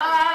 Bye. Uh,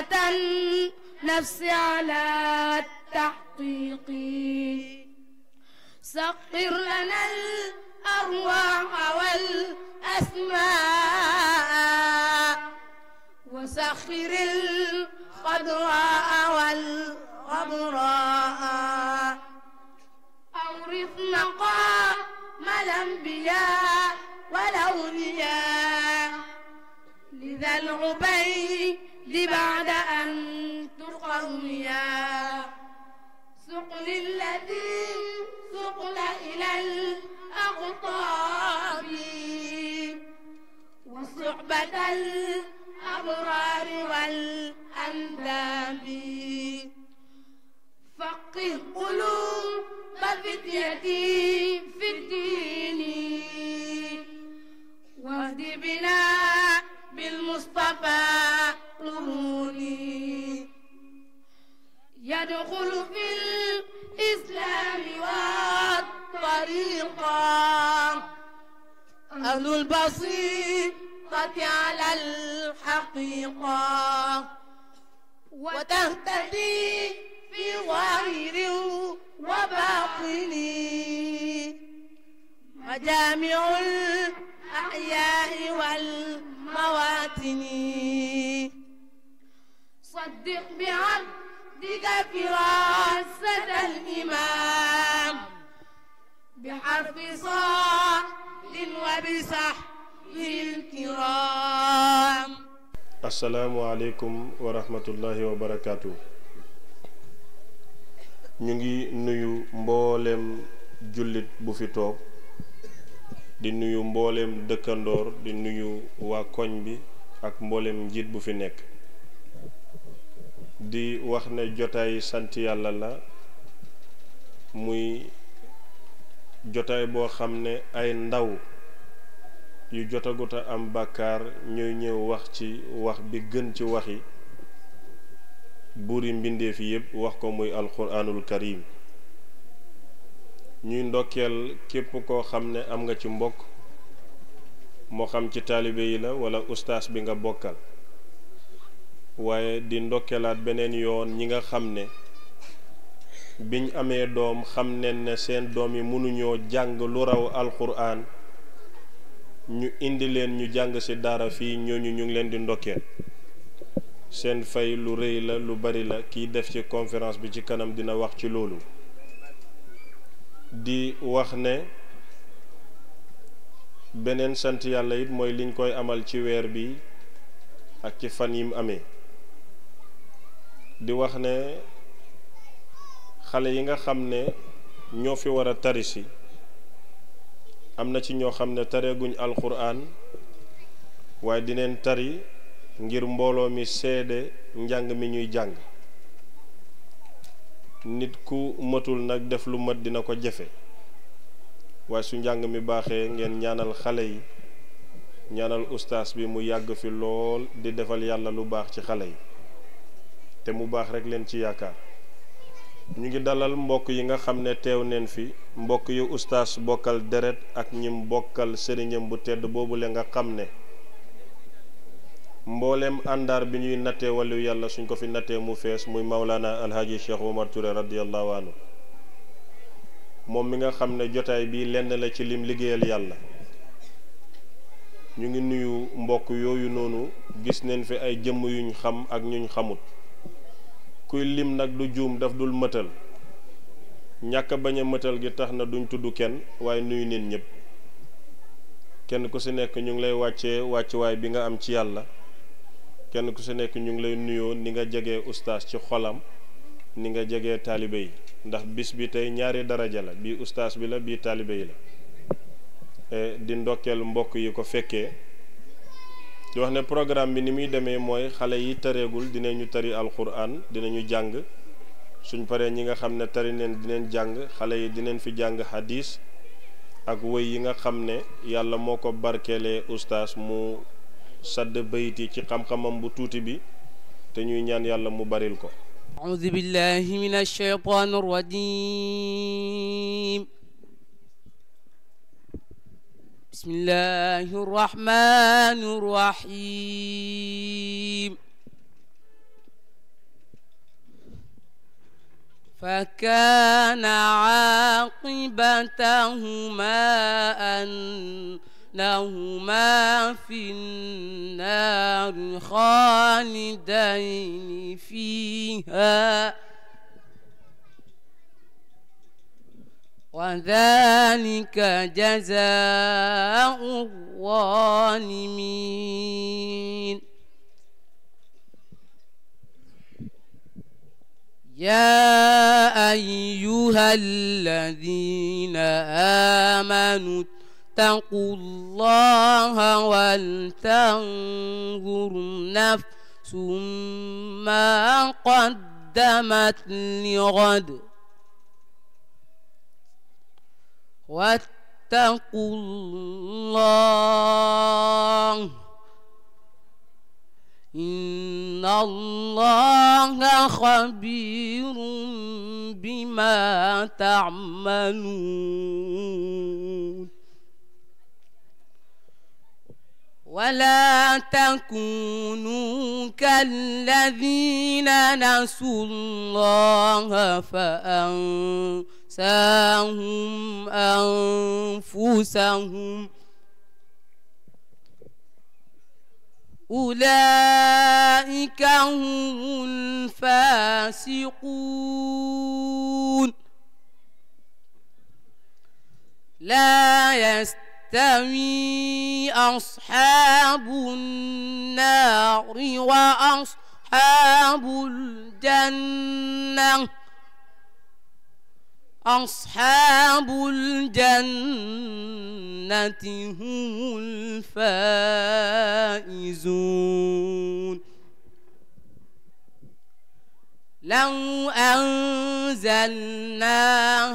قوة على التحقيق سقر لنا الأرواح والأسماء وسخر الخضراء والغبراء والأبرار والأنداب فقه قلوب فتيتي في الدين واهد بنا بالمصطفى قروني يدخل في الإسلام والطريقة أهل البصير الحقة على الحقيقة وتهتدي في ظاهر وباطن مجامع الأحياء والمواتن صدق بعبدك فراسة الإمام بحرف صاد وبصح الكرام السلام عليكم ورحمة الله ñu ngi nuyu mboolem jullit bu fi toog di nuyu mboolem dëkkandoor di nuyu waa koñ bi ak mboolem njiit bu fi nekk di wax ne jotaay sant yàlla la muy jotaay boo xam ne ay ndaw yu jotagut am bàkkaar ñuy ñëw wax ci wax bi gën ci waxi buuri mbindéef yépp wax ko muy alquranul karim ñuy ndokkeel képp koo xam ne am nga ci mbokk moo xam ci taalibe yi la wala ustaas bi nga bokkal waaye di ndokkeelaat beneen yoon ñi nga xam ne biñ amee doom xam ne ne seen doom yi mënuñoo jàng lu raw alquran ñu indi leen ñu jàng ci daara fii ñooñu ñu ngi leen di ndokkeel seen fay lu rëy la lu bari la kiy def ci conférence bi ci kanam dina wax ci loolu di wax ne beneen sant yàlla it mooy liñ koy amal ci weer bi ak ci fan yim amee di wax ne xale yi nga xam ne ñoo fi war a tarisi am na ci ñoo xam ne tareeguñ alxuraan waaye dineen tari ngir mbooloo mi seede njàng mi ñuy jàng nit ku matul nag def lu mat dina ko jafe waaye su njàng mi baaxee ngeen ñaanal xale yi ñaanal ustaas bi mu yàgg fi lool di defal yàlla lu baax ci xale yi te mu baax rekk leen ci yaakaar ñu ngi dalal mbokk yi nga xam ne teew neen fi mbokk yu ustaas bokkal deret ak ñim bokkal sëriñam bu tedd boobu boobule nga xam ne mbooleem àndaar bi ñuy nattee wàllu yàlla suñ ko fi nattee mu fees muy mawlaana alhaji cheikh omar Touré radiallahu anhu moom mi nga xam ne jotaay bii lenn la ci lim liggéeyal yàlla ñu ngi nuyu mbokk yooyu noonu gis neen fi ay jëmm yuñ xam ak ñuñ xamut kuy lim nag du juum daf dul mëtal ñàkk bañ a mëtal gi tax na duñ tudd kenn waaye nuyu niin ñëpp kenn ku si nekk ñu ngi lay wàccee wàccuwaay bi nga am ci yàlla kenn ku si nekk ñu ngi lay nuyoo ni nga jegee ustaas ci xolam ni nga jege taalibe yi ndax bis bi tey ñaari daraja la bii ustaas bi la bii taalibe yi la eh, di ndokkeel mbokk yi ko fekkee di wax ne programme bi ni muy demee mooy xale yi tareegul ñu tari alquran dinañu jàng suñ paree ñi nga xam ne tari neen dinañ jàng xale yi dinañ fi jàng hadis ak woy yi nga xam ne yàlla moo ko barkeelee ustaas mu sadd bayti ci xam-xamam bu tuuti bi te ñuy ñaan yàlla mu baril ko. بسم الله الرحمن الرحيم فكان عاقبتهما أنهما في النار خالدين فيها وذلك جزاء الظالمين يا أيها الذين آمنوا اتقوا الله ولتنظر نفس ما قدمت لغد واتقوا الله إن الله خبير بما تعملون ولا تكونوا كالذين نسوا الله فأنفسهم تنساهم أنفسهم أولئك هم الفاسقون لا يستوي أصحاب النار وأصحاب الجنة أصحاب الجنة هم الفائزون لو أنزلنا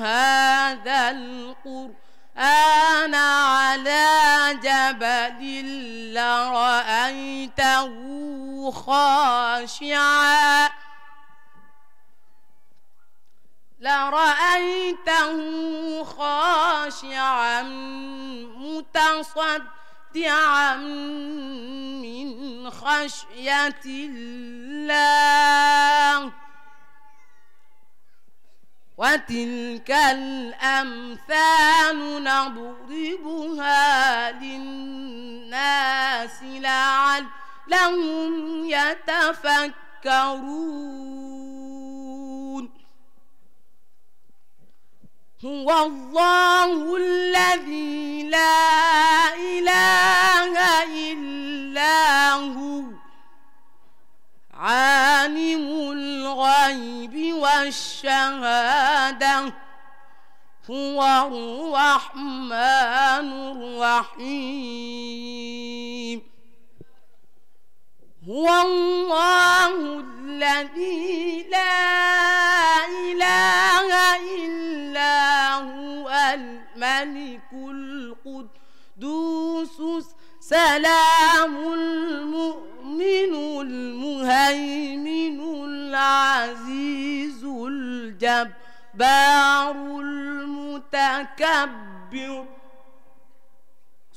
هذا القرآن على جبل لرأيته خاشعاً لرأيته خاشعا متصدعا من خشية الله وتلك الأمثال نضربها للناس لعلهم يتفكرون هو الله الذي لا إله إلا هو عالم الغيب والشهادة هو الرحمن الرحيم هو الله الذي لا إله إلا هو الملك القدوس سلام المؤمن المهيمن العزيز الجبار المتكبر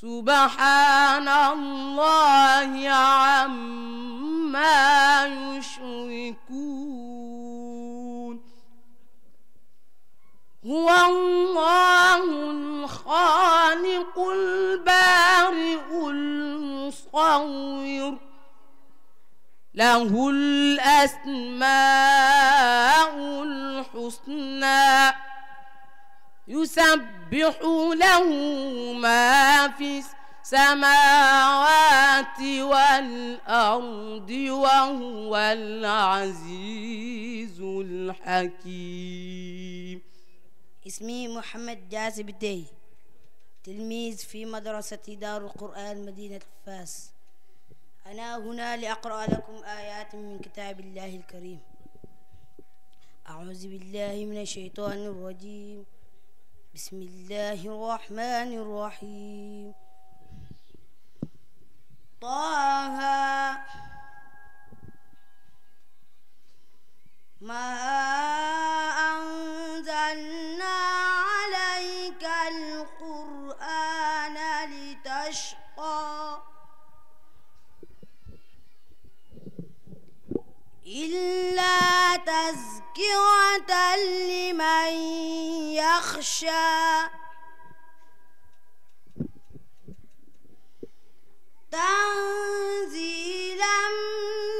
سبحان الله عما يشركون هو الله الخالق البارئ المصور له الأسماء الحسنى يسبح له ما في السماوات والأرض وهو العزيز الحكيم اسمي محمد جازب الدهي تلميذ في مدرسة دار القرآن مدينة فاس أنا هنا لأقرأ لكم آيات من كتاب الله الكريم أعوذ بالله من الشيطان الرجيم بسم الله الرحمن الرحيم طه ما أنزلنا عليك القرآن لتشقى إلا تذكرة لمن يخشى تنزيلا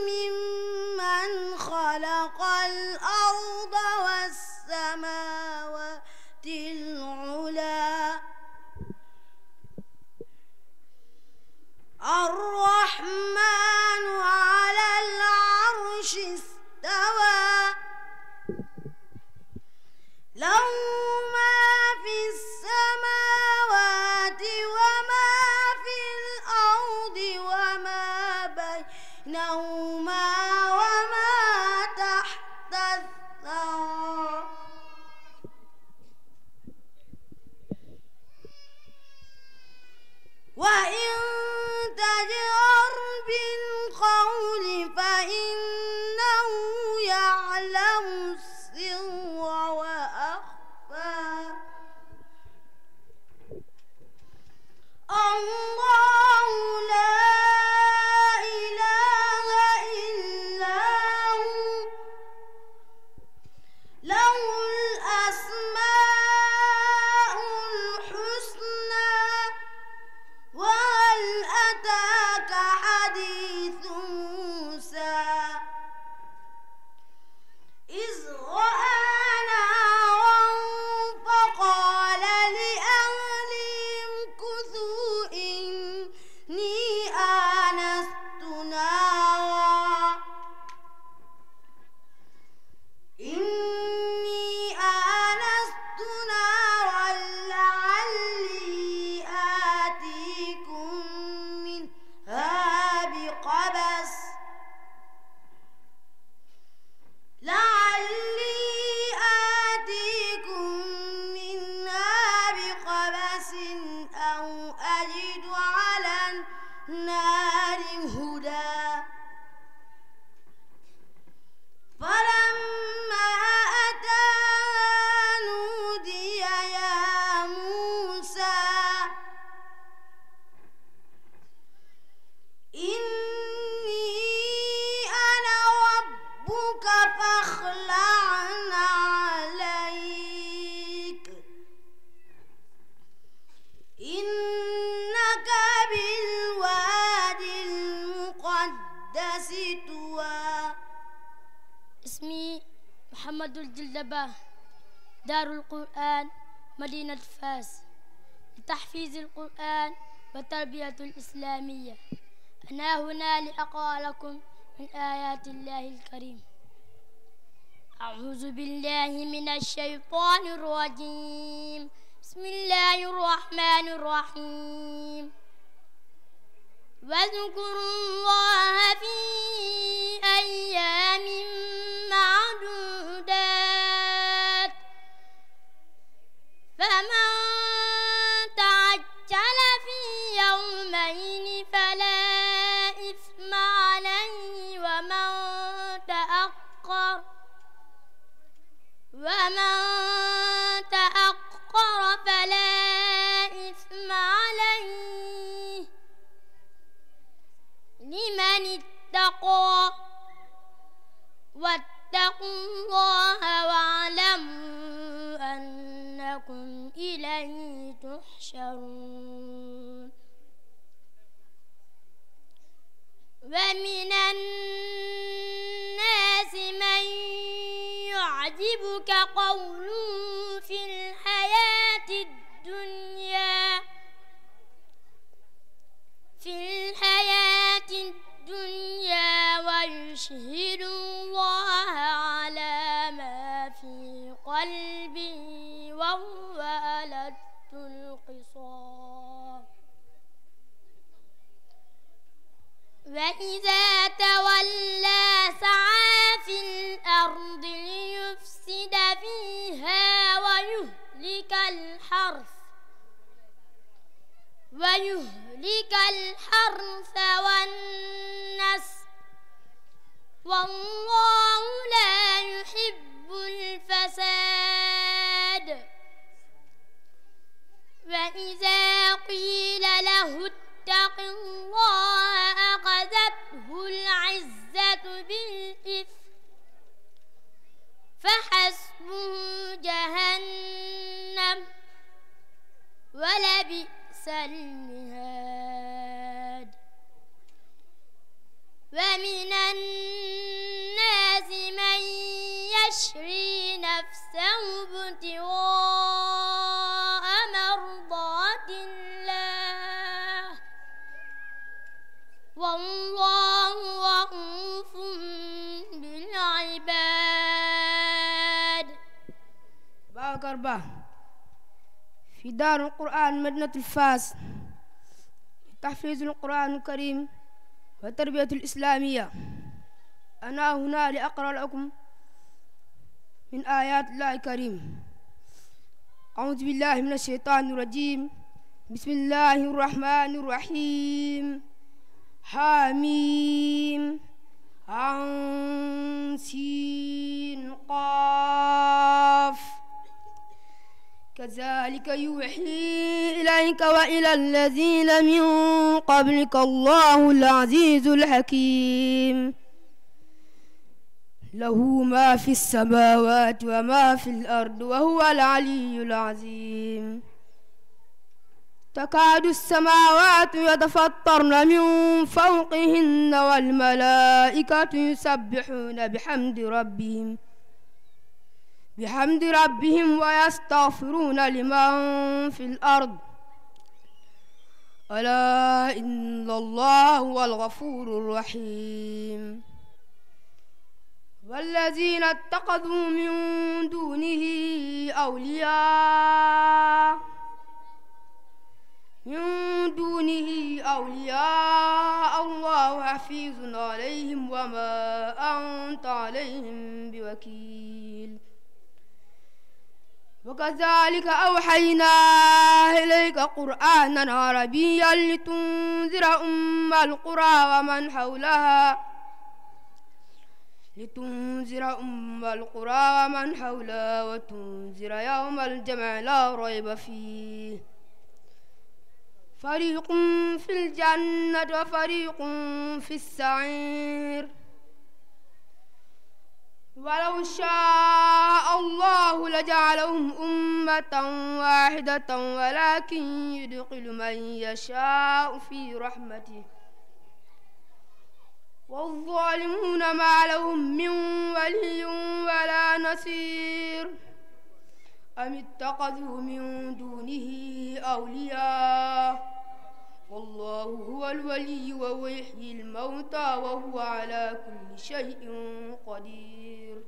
ممن خلق الأرض والسماوات العلى الرحمن على العرش استوى له ما في السماوات وما في الأرض وما بينهما وما تحت الثرى وإن 阳光。الطيبة دار القرآن مدينة فاس لتحفيز القرآن وتربية الإسلامية أنا هنا لأقرأ لكم من آيات الله الكريم أعوذ بالله من الشيطان الرجيم بسم الله الرحمن الرحيم واذكروا mine. ويهلك الحرث والنس والله لا يحب الفساد وإذا قيل له اتق الله أخذته العزة بالإثم فحسبه جهنم المهاد ومن الناس من يشري نفسه ابتغاء مرضات الله والله رؤوف بالعباد بقى في دار القرآن مدنة الفاس تحفيز القرآن الكريم والتربية الإسلامية أنا هنا لأقرأ لكم من آيات الله الكريم أعوذ بالله من الشيطان الرجيم بسم الله الرحمن الرحيم حميم عن سين قاف كذلك يوحي إليك وإلى الذين من قبلك الله العزيز الحكيم له ما في السماوات وما في الأرض وهو العلي العظيم تكاد السماوات يتفطرن من فوقهن والملائكة يسبحون بحمد ربهم بحمد ربهم ويستغفرون لمن في الأرض ألا إن الله هو الغفور الرحيم والذين اتخذوا من دونه أولياء من دونه أولياء الله حفيظ عليهم وما أنت عليهم بوكيل وكذلك أوحينا إليك قرآنا عربيا لتنذر أم القرى ومن حولها لتنذر أم القرى ومن حولها وتنذر يوم الجمع لا ريب فيه فريق في الجنة وفريق في السعير ولو شاء الله لجعلهم أمة واحدة ولكن يدخل من يشاء في رحمته والظالمون ما لهم من ولي ولا نصير أم اتخذوا من دونه أولياء والله هو الولي وهو يحيي الموتى وهو على كل شيء قدير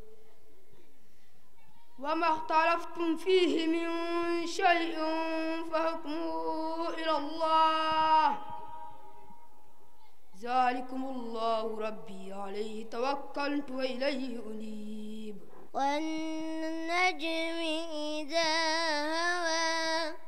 وما اختلفتم فيه من شيء فحكموا إلى الله ذلكم الله ربي عليه توكلت وإليه أنيب والنجم إذا هوى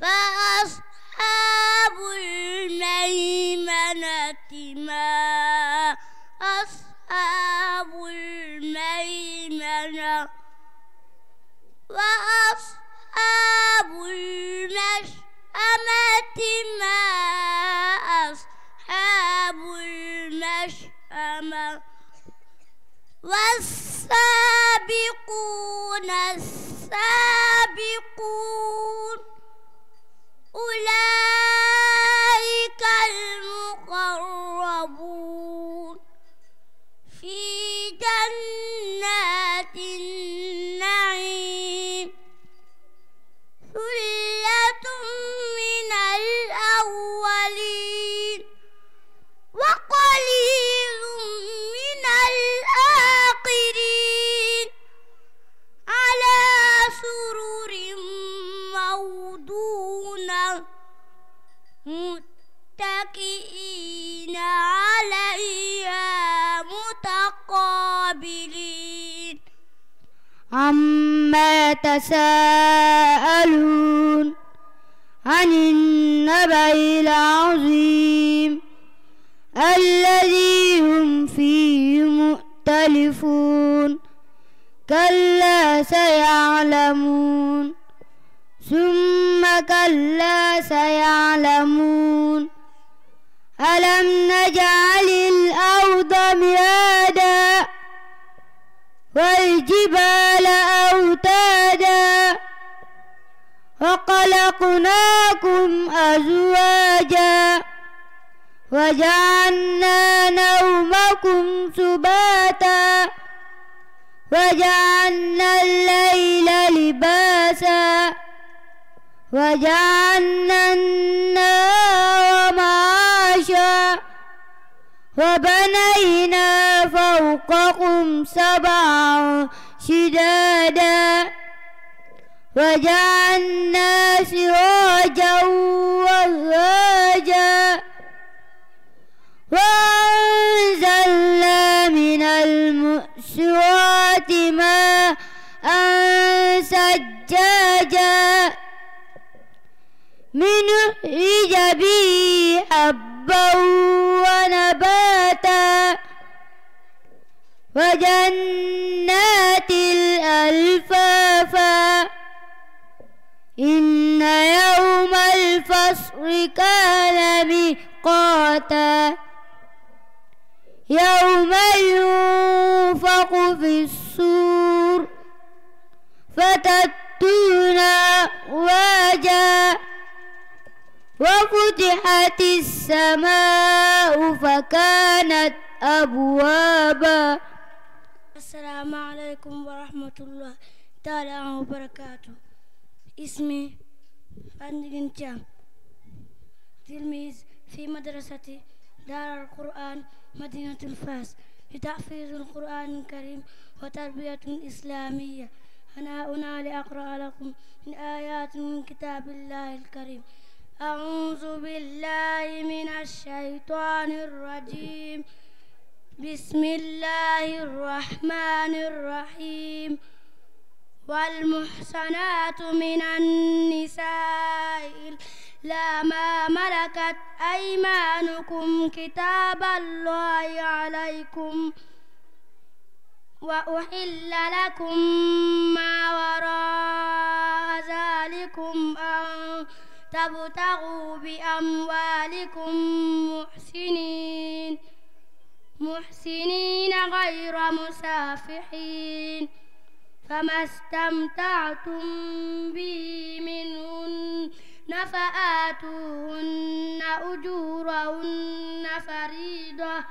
first يتساءلون عن النبأ العظيم الذي هم فيه مختلفون كلا سيعلمون ثم كلا سيعلمون ألم نجعل الأرض مهادا والجبال خلقناكم أزواجا وجعلنا نومكم سباتا وجعلنا الليل لباسا وجعلنا النار معاشا وبنينا فوقكم سبعا شدادا وجعلنا سراجا وهاجا وأنزلنا من المؤسرات ماء سجاجا من به حبا ونباتا وجنات الألفاظ إن يوم الفصل كان ميقاتا يوم ينفق في السور فتأتون أفواجا وفتحت السماء فكانت أبوابا السلام عليكم ورحمة الله تعالى وبركاته اسمي فندق جام تلميذ في مدرسة دار القرآن مدينة الفاس لتحفيظ القرآن الكريم وتربية إسلامية أنا هنا لأقرأ لكم من آيات من كتاب الله الكريم أعوذ بالله من الشيطان الرجيم بسم الله الرحمن الرحيم والمحصنات من النساء لا ما ملكت أيمانكم كتاب الله عليكم وأحل لكم ما وراء ذلكم أن تبتغوا بأموالكم محسنين محسنين غير مسافحين فما استمتعتم به منهن فآتوهن أجورهن فريضة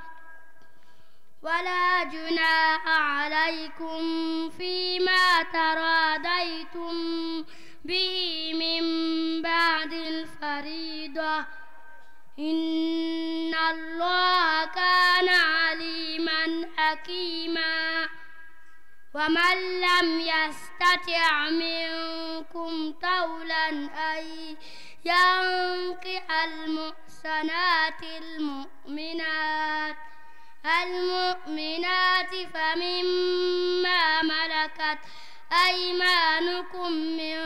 ولا جناح عليكم فيما تراديتم به من بعد الفريضة إن الله كان عليما حكيما ومن لم يستطع منكم طولا أن ينكح المحسنات المؤمنات المؤمنات فمما ملكت أيمانكم من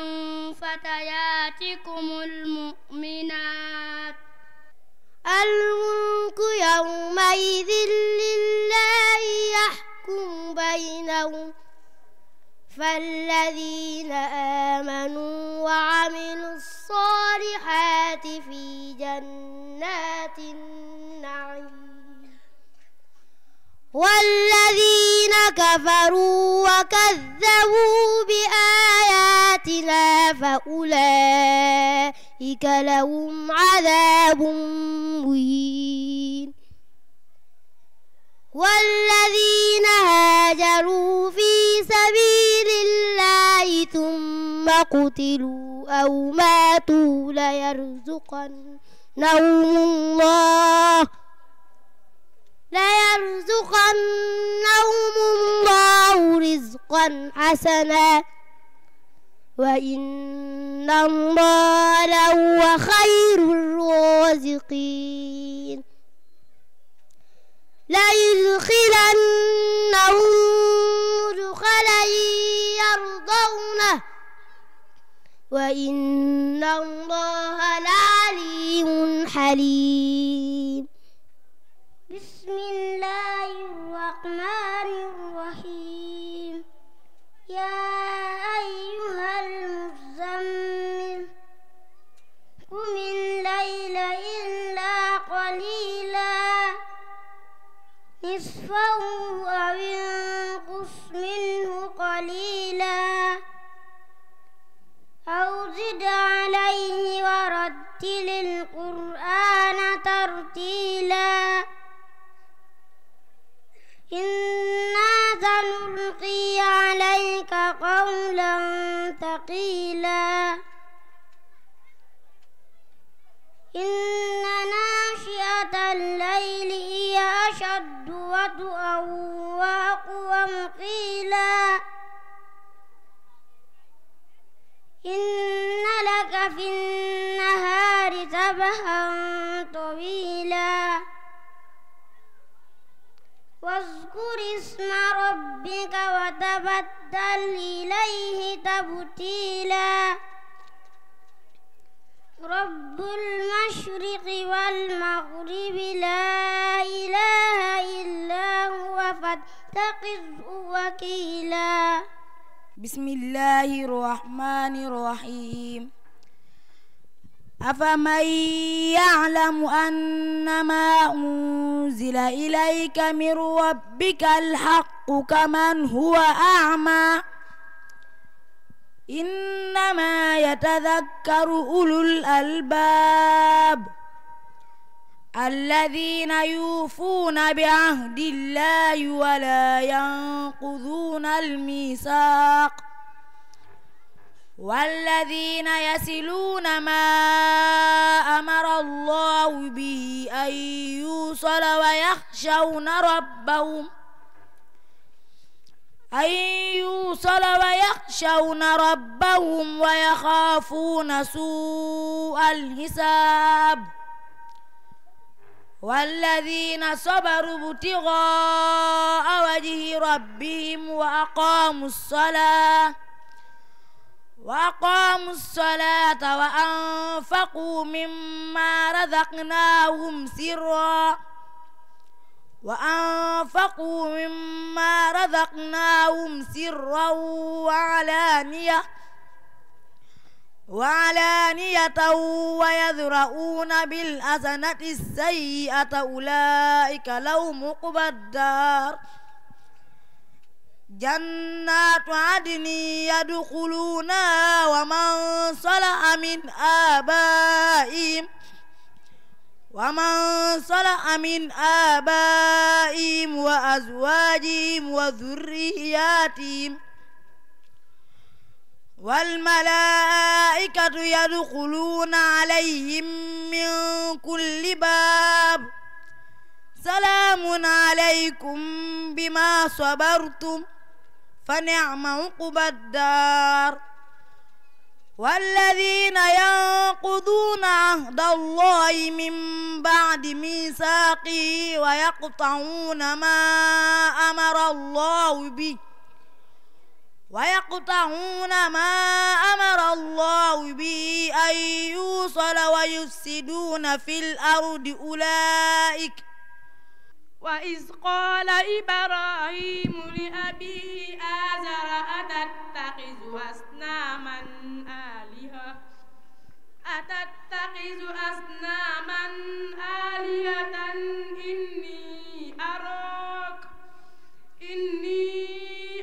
فتياتكم المؤمنات الملك يومئذ لله يحكم يحكم بينهم فالذين آمنوا وعملوا الصالحات في جنات النعيم والذين كفروا وكذبوا بآياتنا فأولئك لهم عذاب مهين والذين هاجروا في سبيل الله ثم قتلوا أو ماتوا ليرزقنهم الله ليرزقنهم الله رزقا حسنا وإن الله لهو خير الرازقين ليدخلنهم مدخلا يرضونه وإن الله لعليم حليم بسم الله الرحمن الرحيم يا أيها المزمل قم الليل إلا قليلاً نصفه أو انقص منه قليلا أو زد عليه ورتل القرآن ترتيلا إنا سنلقي عليك قولا ثقيلا خطأ وأقوم قيلا إن لك في النهار سبحا طويلا واذكر اسم ربك وتبتل إليه تبتيلا رب المشرق والمغرب لا إله إلا هو فاتقذه وكيلا بسم الله الرحمن الرحيم أفمن يعلم أنما أنزل إليك من ربك الحق كمن هو أعمى إنما يتذكر أولو الألباب الذين يوفون بعهد الله ولا ينقضون الميثاق والذين يسلون ما أمر الله به أن يوصل ويخشون ربهم ۖ أن يوصل ويخشون ربهم ويخافون سوء الحساب والذين صبروا ابتغاء وجه ربهم وأقاموا الصلاة وأقاموا الصلاة وأنفقوا مما رزقناهم سرًّا وأنفقوا مما رزقناهم سرا وعلانية وعلانية ويذرؤون بالأسنة السيئة أولئك لهم عقبى الدار جنات عدن يدخلونها ومن صلح من آبائهم ومن صلح من آبائهم وأزواجهم وذرياتهم والملائكة يدخلون عليهم من كل باب سلام عليكم بما صبرتم فنعم عقبى الدار والذين ينقضون عهد الله من بعد ميثاقه ويقطعون ما أمر الله به ويقطعون ما أمر الله به أن يوصل ويفسدون في الأرض أولئك وإذ قال إبراهيم لأبي آزر أتتخذ أصناما آلهة أتتخذ أصناما آلهة إني أراك إني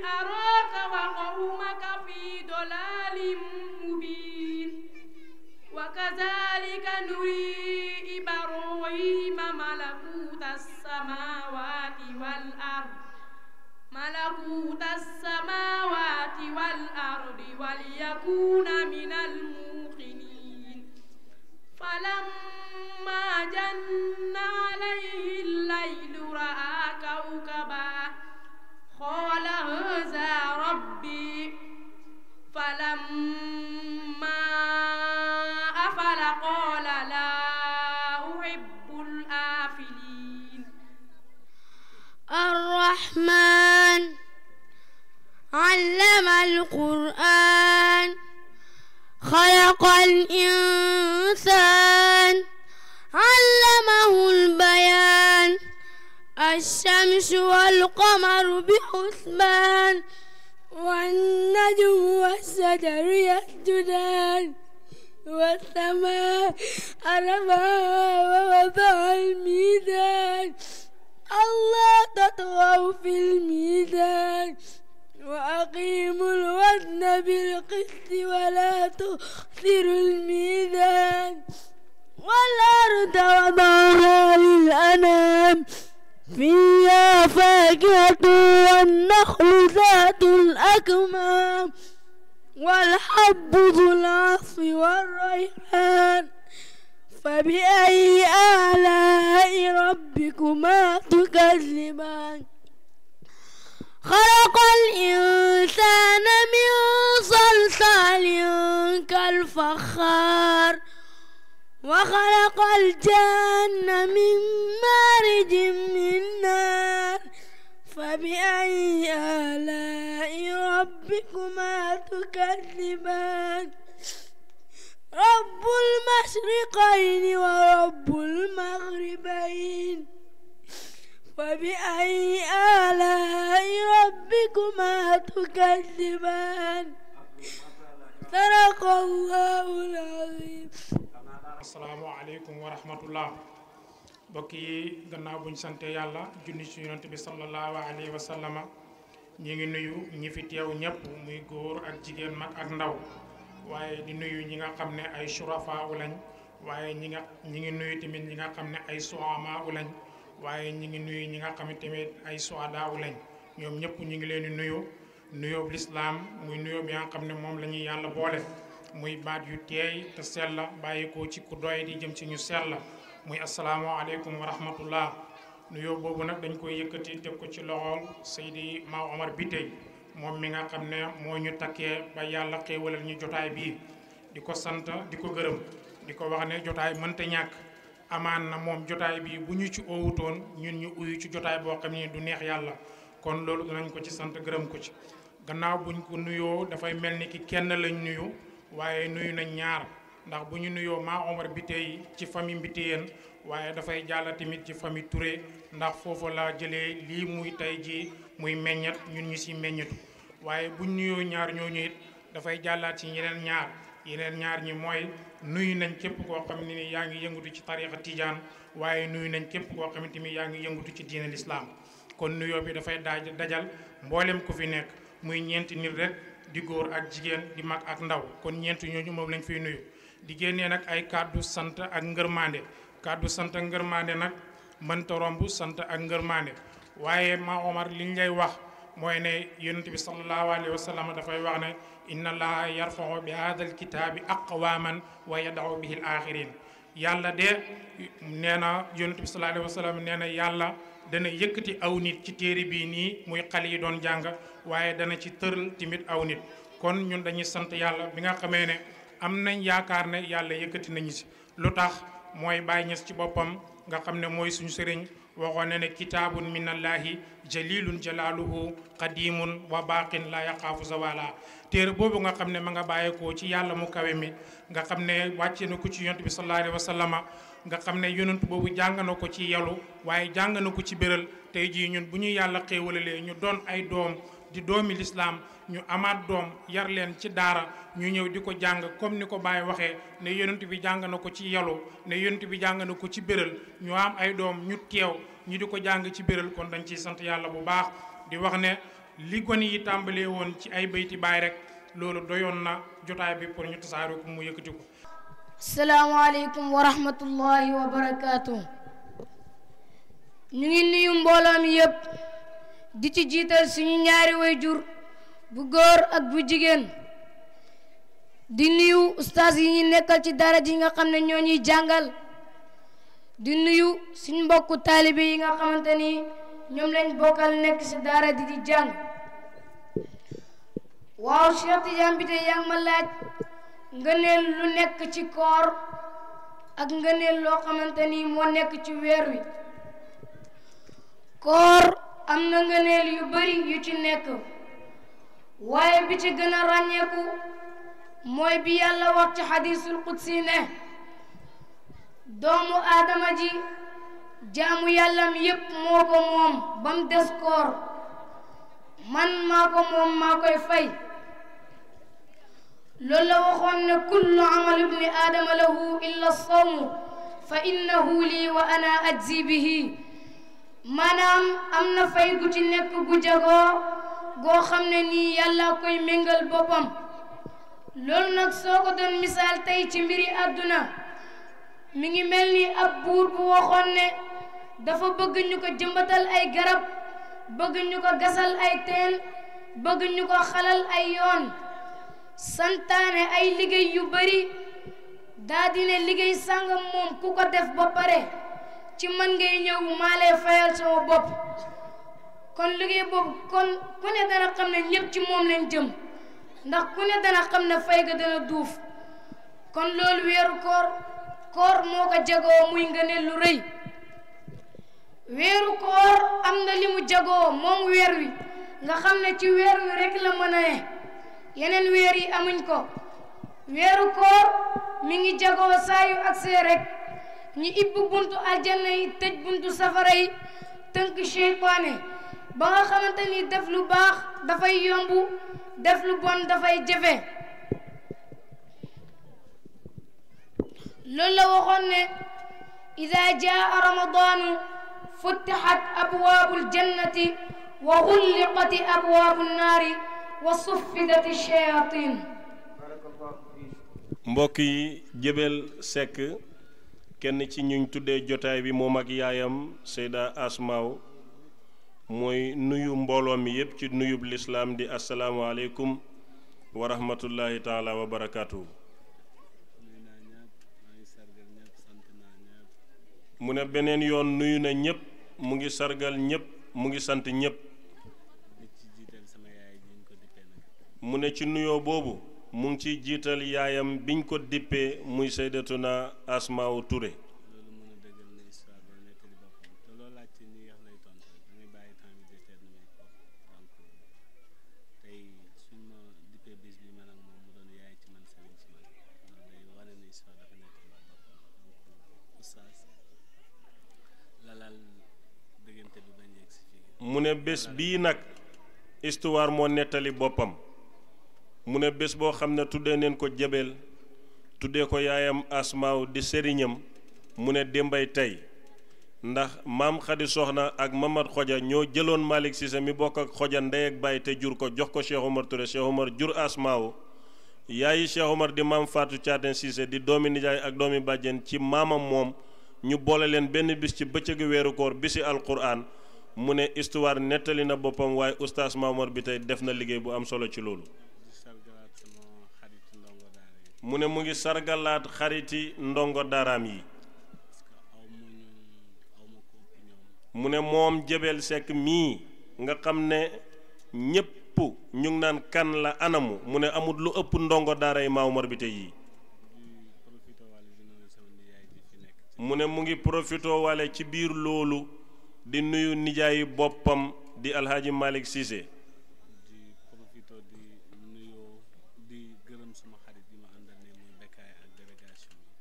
أراك وقومك في ضلال مبين وكذلك نري إبراهيم ملكوت السماوات والأرض ملكوت السماوات والأرض وليكون من الموقنين فلما جن عليه الليل رأى كوكبا قال هذا ربي فلما قال لا أحب الآفلين الرحمن علم القرآن خلق الإنسان علمه البيان الشمس والقمر بحسبان والنجم والشجر يسجدان والسماء رفعها ووضع الميزان الله تطغوا في الميزان وأقيموا الوزن بالقسط ولا تخسروا الميزان والأرض وضعها للأنام فيها فاكهة والنخل ذات الأكمام والحب ذو العصف والريحان فبأي آلاء ربكما تكذبان خلق الإنسان من صلصال كالفخار وخلق الجن من مارج من نار فبأي آلاء ربكما تكذبان رب المشرقين ورب المغربين فبأي آلاء ربكما تكذبان صدق الله العظيم السلام عليكم ورحمة الله mbokk yi gannaaw buñ sante yàlla junni ci yonent bi sallallahu alayhi wa sallama ñi ngi nuyu ñi fi teew ñëpp muy góor ak jigéen mag ak ndaw waaye di nuyu ñi nga xam ne ay surafa lañ waaye ñi nga ñi ngi nuyu tamit ñi nga xam ne ay suama u waaye ñi ngi nuyu ñi nga xam ne tamit ay suada u lañ ñoom ñëpp ñu ngi leen di nuyu nuyoob lislaam muy nuyoob yaa nga xam ne moom la ñuy yàlla boole muy baat yu teey te sell bàyyi ko ci ku doy di jëm ci ñu sell muy asalaamaaleykum wa rahmatullah nuyoo boobu nag dañ koy yëkkati teg ko ci loxol Seydi Ma Omar bi tey moom mi nga xam ne moo ñu takkee ba yàlla xéewalal ñu jotaay bii di ko sant di ko gërëm di ko wax ne jotaay mënta ñàkk amaan na moom jotaay bii bu ñu ci oowutoon ñun ñu uyu ci jotaay boo xam ne du neex yàlla kon loolu danañ ko ci sant gërëm ko ci gannaaw buñ ko nuyoo dafay mel ni ki kenn lañ nuyu waaye nuyu nañ ñaar ndax bu ñu nuyoo maa Omar Mbité ci famille Mbitéyeen waaye dafay jàll tamit ci famille Touré ndax foofa laa jëlee lii muy tey jii muy meññat ñun ñu si meññetu waaye bu ñu nuyoo ñaar ñooñu it dafay jàllaat ci yeneen ñaar yeneen ñaar ñi mooy nuyu nañ képp koo xam ne ni yaa ngi yëngatu ci tariixa tijaan waaye nuyu nañ képp koo xam ni tamit yaa ngi yëngatu ci diine lislaam kon nuyoo bi dafay daaj dajal mbooleem ko fi nekk muy ñeenti nit rek di góor ak jigéen di mag ak ndaw kon ñeenti ñooñu moom lañ fiy nuyu. di génnee nag ay kàddu sant ak ngërmaande kàddu sant ak ngërmaande nag mënta romb sant ak ngërmaande waaye ma Omar li ñu lay wax mooy ne yonent bi sallallahu alayhi wa sallam dafay wax ne inna allaha yarfa'u bi hadha alkitaabi aqwaman wa yada'u bihi al axirin yàlla de nee na yonent bi sallallahu alayhi wa nee na yàlla dana yëkkati aw nit ci téere bii nii muy xale yi doon jàng waaye dana ci tëral tamit aw nit kon ñun dañuy sant yàlla bi nga xamee ne am nañ yaakaar ne yàlla yëkkati nañu si lu tax mooy Baay Ñas ci boppam nga xam ne mooy suñu sëriñ waxoon na ne kitaabun minallaahi jalilun jalaaluhu qadimun wa baaqin la sa zawala téere boobu nga xam ne ma nga bàyyeekoo ci yàlla mu kawe mi nga xam ne wàcce na ko ci yonent bi sa alayhi nga xam ne yonent boobu jàng na ko ci yalu waaye jàng na ko ci béral tey jii bu ñu yàlla xéewalalee ñu doon ay doom di doomi lislaam ñu amaat doom yar leen ci daara ñu ñëw di ko jàng comme ni ko Baye waxee ne yonent bi jàng na ko ci yalu ne yonent bi jàng na ko ci béral ñu am ay doom ñu teew ñu di ko jàng ci béral kon dañ ciy sant yàlla bu baax di wax ne li gone yi tàmbalee woon ci ay bayti baay rek loolu doyoon na jotaay bi pour ñu tasaare ko mu yëkkati ko. salaamaaleykum wa rahmatullahi wa ñu ngi nuyu mbooloo mi yëpp. di ci jiital suñu ñaari wayjur bu góor ak bu jigéen di nuyu ustaas yi ñu nekkal ci dara ji nga xam ne ñoo ñuy jàngal di nuyu suñ mbokku taalibe yi nga xamante ni ñoom lañ bokkal nekk si daara di di jàng waaw Cheikh Tidiane bi yaa ma laaj ngëneel lu nekk ci koor ak ngëneel loo xamante ni moo nekk ci weer wi koor am na ngëneel yu bari yu ci nekk waaye bi ci gën a ràññeeku mooy bi yàlla wax ci xadiisul qudsi ne doomu aadama ji jaamu yàllam yépp moo ko moom ba mu des koor man maa ko moom maa koy fay loolu la waxoon ne kullu amal ibni aadama lahu illa sawmu fa innahu lii wa ana ajzi maanaam am na fay gu ci nekk gu jagoo goo xam ne nii yàlla koy méngal boppam loolu nag soo ko doon misaal tey ci mbiri àdduna mi ngi mel ni ab buur bu waxoon ne dafa bëgg ñu ko jëmbatal ay garab bëgg ñu ko gasal ay teen bëgg ñu ko xalal ay yoon santaane ay liggéey yu bari daa ne liggéey sàngam moom ku ko def ba pare ci man ngay ñëw maa lay fayal sama bopp kon liggéey boobu kon ku ne dana xam ne ñëpp ci moom lañ jëm ndax ku ne dana xam ne fay ga dana duuf kon loolu weeru koor koor moo ko jagoo muy ngëneel lu rëy weeru koor am na li mu jagoo moom weer wi nga xam ne ci weer wi rek la mën a yeneen weer yi amuñ ko weeru koor mi ngi jagoo saa yu agsee rek ni ibbu buntu aljanna yi tëj buntu safara yi tënk seytaane ba nga xamante ni def lu baax dafay yomb def lu bon dafay jafe loolu la waxoon ne ida jaa ramadaanu futtixat abwaabu aljannati wa xulliqat abwaabu nnaari wa suffidat shayatin mbokk yi Jëbel Sekk kenn ci ñu tuddee jotaay bi moom ak yaayam Seyda Asmaaw mooy nuyu mbooloo mi yépp ci nuyub lislaam di asalaamualeykum wa rahmatullahi taala wa mu ne beneen yoon nuyu na ñépp mu ngi sargal ñépp mu ngi sant ñépp mu ne ci nuyoo boobu mu ngi jiital yaayam biñ ko dippee muy saydatuna asmaaw Touré mu ne bés bii nag histoire moo nettali boppam mu ne bés boo xam ne tuddee neen ko jebeel tuddee ko yaayam asmaaw di sëriñam mu ne démbay tey ndax maam xadi soxna ak mamad xoja ñoo jëloon Malick Cissé mi bokk ak xoja ndey ak baay te jur ko jox ko Cheikh Omar Touré jur asmaaw yaayi Cheikh Omar di maam Fatou Thiaten di doomi nijaay ak doomi bàjjen ci maamam moom ñu boole leen benn bis ci bëccëgu weeru koor bisi alquran mu ne istuwaar nettali na boppam waaye oustaz Mamour bi tey def na liggéey bu am solo ci loolu mu ne mu ngi sargalaat xariti ndongo daaraam yi mu ne moom jebel sekk mii nga xam ne ñépp ñu ngi naan kan la anamu mu ne amut lu ëpp ndongo daaray Maaw Marbité yi mu ne mu ngi profitoo wale ci biir loolu di nuyu nijaay boppam di alxaaji malik Cissé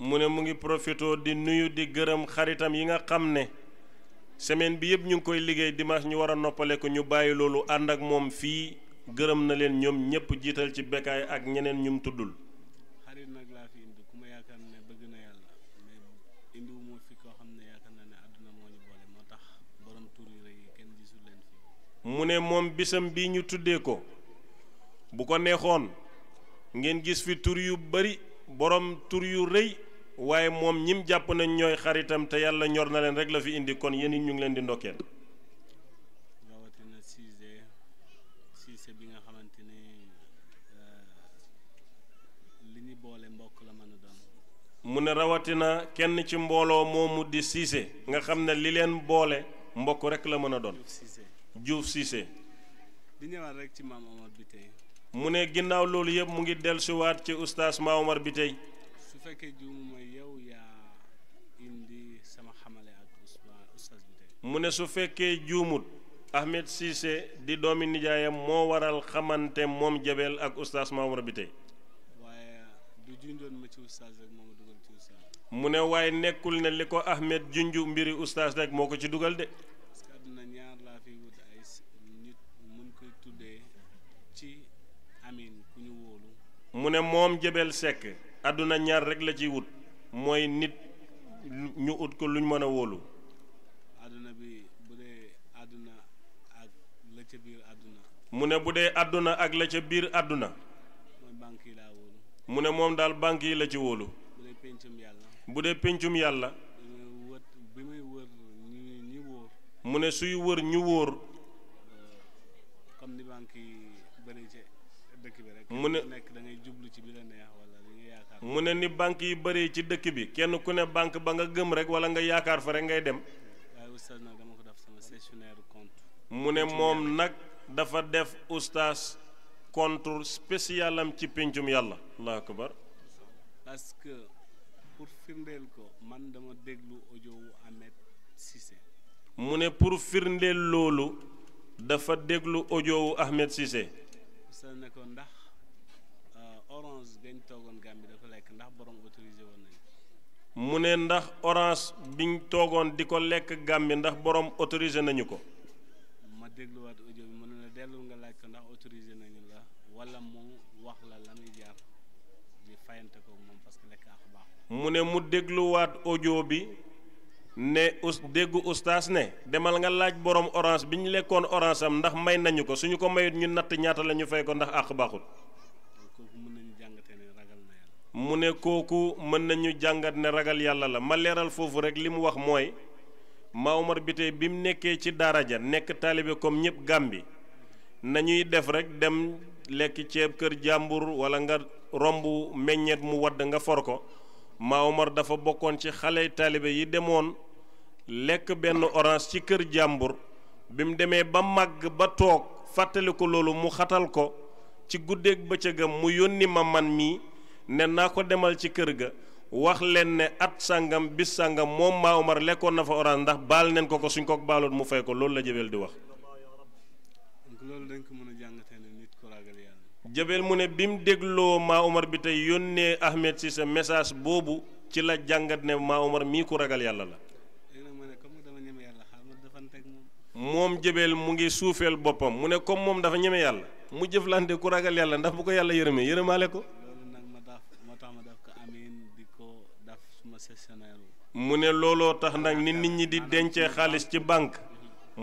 mu ne mu ngi profito di nuyu di gërëm xaritam yi nga xam ne semaine bi yëpp ñu ngi koy liggéey dimanche ñu war a noppale ko ñu bàyyi loolu ànd ak moom fii gërëm na leen ñoom ñëpp jiital ci bekkaay ak ñeneen ñum tuddul. xarit nag laa fi yaakaar ne bëgg na yàlla mais koo xam ne yaakaar na ne àdduna moo ñu boole moo tax borom tur yi kenn gisul leen mu ne moom bisam bii ñu tuddee ko bu ko neexoon ngeen gis fi tur yu bari borom tur yu rëy. waaye moom ñim jàpp nañ ñooy xaritam te yàlla ñor na leen rek la fi indi kon yéen ñu ngi leen di ndokkeel. rawatina Cissé Cissé bi nga xamante ni euh, li ñu boole mbokk la mën a doon. mu ne rawatina kenn ci mbooloo moomu di siise nga xam ne li leen boole mbokk rek la mën a doon. Diouf Cissé. di ñëwaat rek ci maam Omar mu ne ginnaaw loolu yëpp mu ngi dellusiwaat ci oustaz maam Omar bi tey. fekkee mooy yow yaa indi ak mu ne su fekkee juumut Ahmed di doomi nijaayam moo waral xamante moom jabeel ak oustaz Mamour waaye du junjoon ma ci mu ne waaye nekkul ne li ko Ahmed junju mbiri oustaz rek moo ko ci dugal de parce tuddee ci amin ku àdduna ñaar rek la ciy wut mooy nit ñu ut ko luñ mën a wóolu àdduna bi bu dee àdduna ca biir àdduna mu ne bu dee àdduna ak la ca biir àdduna mooy yi laa mu ne moom daal banque yi la ci wóolu bu dee péncum yàlla bu dee péncum yàlla bi muy wër ñu mu ne suy wër ñu wóor comme ni banque yi bëri ci dëkk mu ne mu ne ni banque yi bëree ci dëkk bi kenn ku ne banque ba nga gëm rek wala nga yaakaar fa rek ngay dem mu ne moom nag dafa def oustaz compte spécial am ci pencum yàlla allahu akbar parce que pour firndeel ko man dama déglu audio wu Ahmed Cissé mu ne pour firndeel loolu dafa déglu audio wu Ahmed Cissé oustaz ne ko ndax euh, orange gañ togon gambi mu ne ndax orange biñ toogoon di ko lekk gàmbi ndax borom autorisé nañu ko. ma dégluwaat audio bi ne la dellu nga laaj ko ndax nañu la wala mu wax la jaar di fayante ko moom parce que lekk ak mu ne mu dégluwaat audio bi ne us déggu ustaas ne demal nga laaj borom orange bi ñu lekkoon orange am ndax may nañu ko suñu ko mayut ñu natt ñaata la ñu fay ko ndax àq baaxul. mu ne kooku mën nañu jàngat ne ragal yàlla la ma leeral foofu rek li mu wax mooy Maam Omar bi mu nekkee ci daara ja nekk taalibe comme ñëpp bi nañuy def rek dem lekk ceeb kër jàmbur wala nga romb meññeet mu wadd nga for ko Maam Omar dafa bokkoon ci xale taalibe yi demoon lekk benn orange ci kër jàmbur bi mu demee ba màgg ba toog fàttali ko loolu mu xatal ko ci guddeeg bëccëgam mu yónni ma man mii ne naa ko demal ci kër ga wax leen ne at sangam bis sangam moom maa Omar lekkoon na fa oran ndax baal nen ko ko suñ ko baaloon mu fay ko loolu la di wax mu ne bim dégloo maa Omar bi tey yónnee Ahmed si sa message boobu ci la jàngat ne ma Omar mii ku ragal yàlla la moom jëbeel mu ngi suufeel boppam mu ne comme moom dafa ñeme yàlla mu jëflante ku ragal yàlla ndax bu ko yàlla yërëmaale ko mu ne looloo tax nag ni nit ñi di dencee xaalis ci banque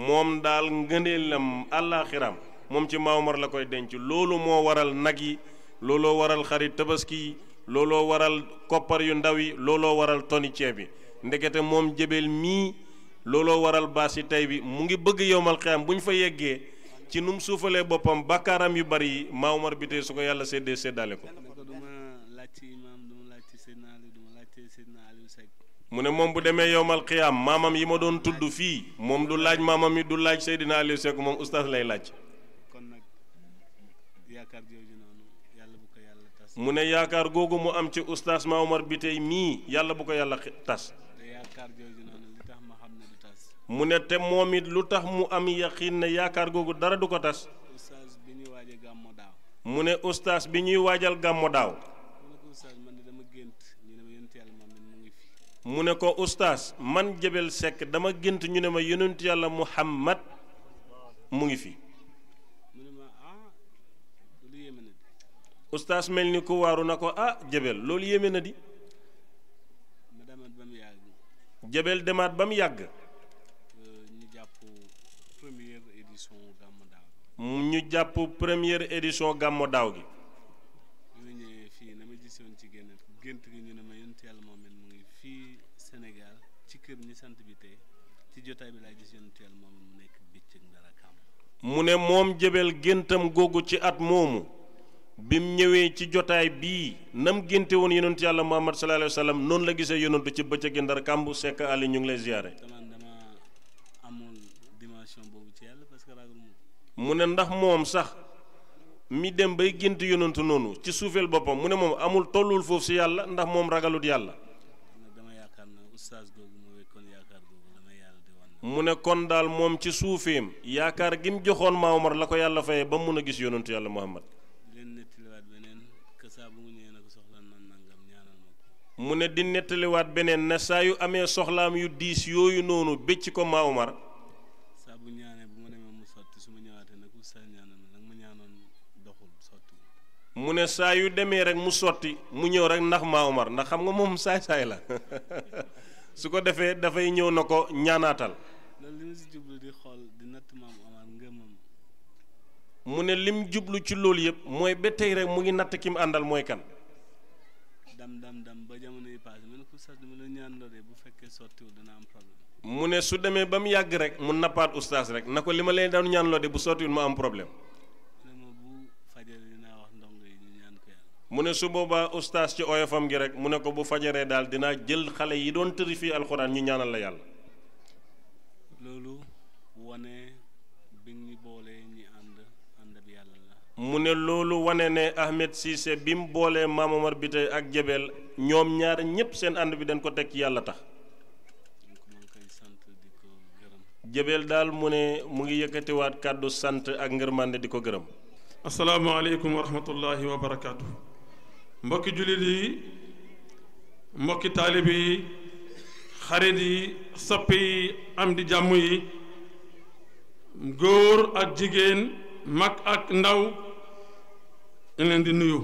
moom daal ngëneelam àllaaxiraam moom ci maamor la koy denc loolu moo waral nag yi looloo waral xari tabaski yi looloo waral koppar yu ndaw yi looloo waral toni ceeb yi ndekete moom jëbel mii looloo waral baas yi tey bi mu ngi bëgg yowmal xiyaam bu ñu fa yeggee ci nu mu suufalee boppam bakkaaram yu bari yi maamor bi tey su ko yàlla séddee séddaale ko mu ne moom bu demee yowmal qiyaam maamam yi ma doon tudd fii moom du laaj maamam yi du laaj Seydina Aliou Seck moom oustaz lay laaj. mu ne yaakaar googu mu am ci oustaz Maomar bi tey mii yàlla bu ko yàlla tas. mu ne te moom it lu tax mu am yaqiin ne yaakaar googu dara du ko tas. mu ne oustaz bi ñuy waajal gàmmu daaw. mu ne ko ustaas man Jabel Seck dama gént ñu ne ma yonent yàlla Muhammad mu ngi fi ah, ustaas mel ni ku waaru na ko ah Jabel loolu yéeme na di Jabel demaat ba mu yàgg euh, ñu jàpp première édition gàmmu daaw gi jotaay bi laay gis yonent yàlla moom mu nekk bëccëg ndarakaam mu ne moom jëbel géntam googu ci at moomu bim ñëwee ci jotaay bii nam génte woon yonent yàlla muhammad sallallahu alayhi wa noonu la gisee yonentu ci bëccëg ndar kàmb sekk àlli ñu ngi lay ziyaare mu ne ndax moom sax mi dem bay gént yonentu noonu ci suufeel boppam mu ne moom amul tollul foofu si yàlla ndax moom ragalut yàlla mu ne kon daal moom ci suufeem yaakaar gi mu joxoon Maam Omar la ko yàlla faye ba mu mun a gis yonentu yàlla Muhammad mu ne di nettaliwaat beneen ne saa yu amee soxlaam yu diis yooyu noonu bëcc ko Maam Omar mu ne saa yu demee rek mu sotti mu ñëw rek ndax Maam ndax xam nga moom saay-saay la su ko defee dafay ñëw na ko ñaanaatal. loolu li si jublu di xool di natt maam Omar ngëmam. mu ne lim jublu ci loolu yëpp mooy ba tey mu ngi natt ki mu àndal mooy kan. dam dam dam ba jamono yi paase mu ne ko oustaz dama la ñaan bu fekkee sottiwul dana am problème. mu ne su demee ba mu yàgg rek mu nappaat oustaz rek na ko li ma leen daan ñaan loo de bu sottiwul ma am problème. mu ne su boobaa ustaas ci oyofam gi rek mu ne ko bu fajaree daal dinaa jël xale yi doon tëri fii alxuraan ñu ñaanal la yàlla. wane bi ñu ànd ànd bi la. mu ne loolu wane ne Ahmed Cissé bi mu boolee Mame Omar ak Jebel ñoom ñaar ñëpp seen ànd bi dañ ko teg ci yàlla tax. Jebel daal mu ne mu ngi yëkkatiwaat kàddu sant ak ngërmande di ko gërëm. asalaamaaleykum wa rahmatullahi wa barakaatu. mbokki jullit yi mbokki taalib yi xarit yi soppi yi am di jàmm yi góor ak jigéen mag ak ndaw ñu leen di nuyu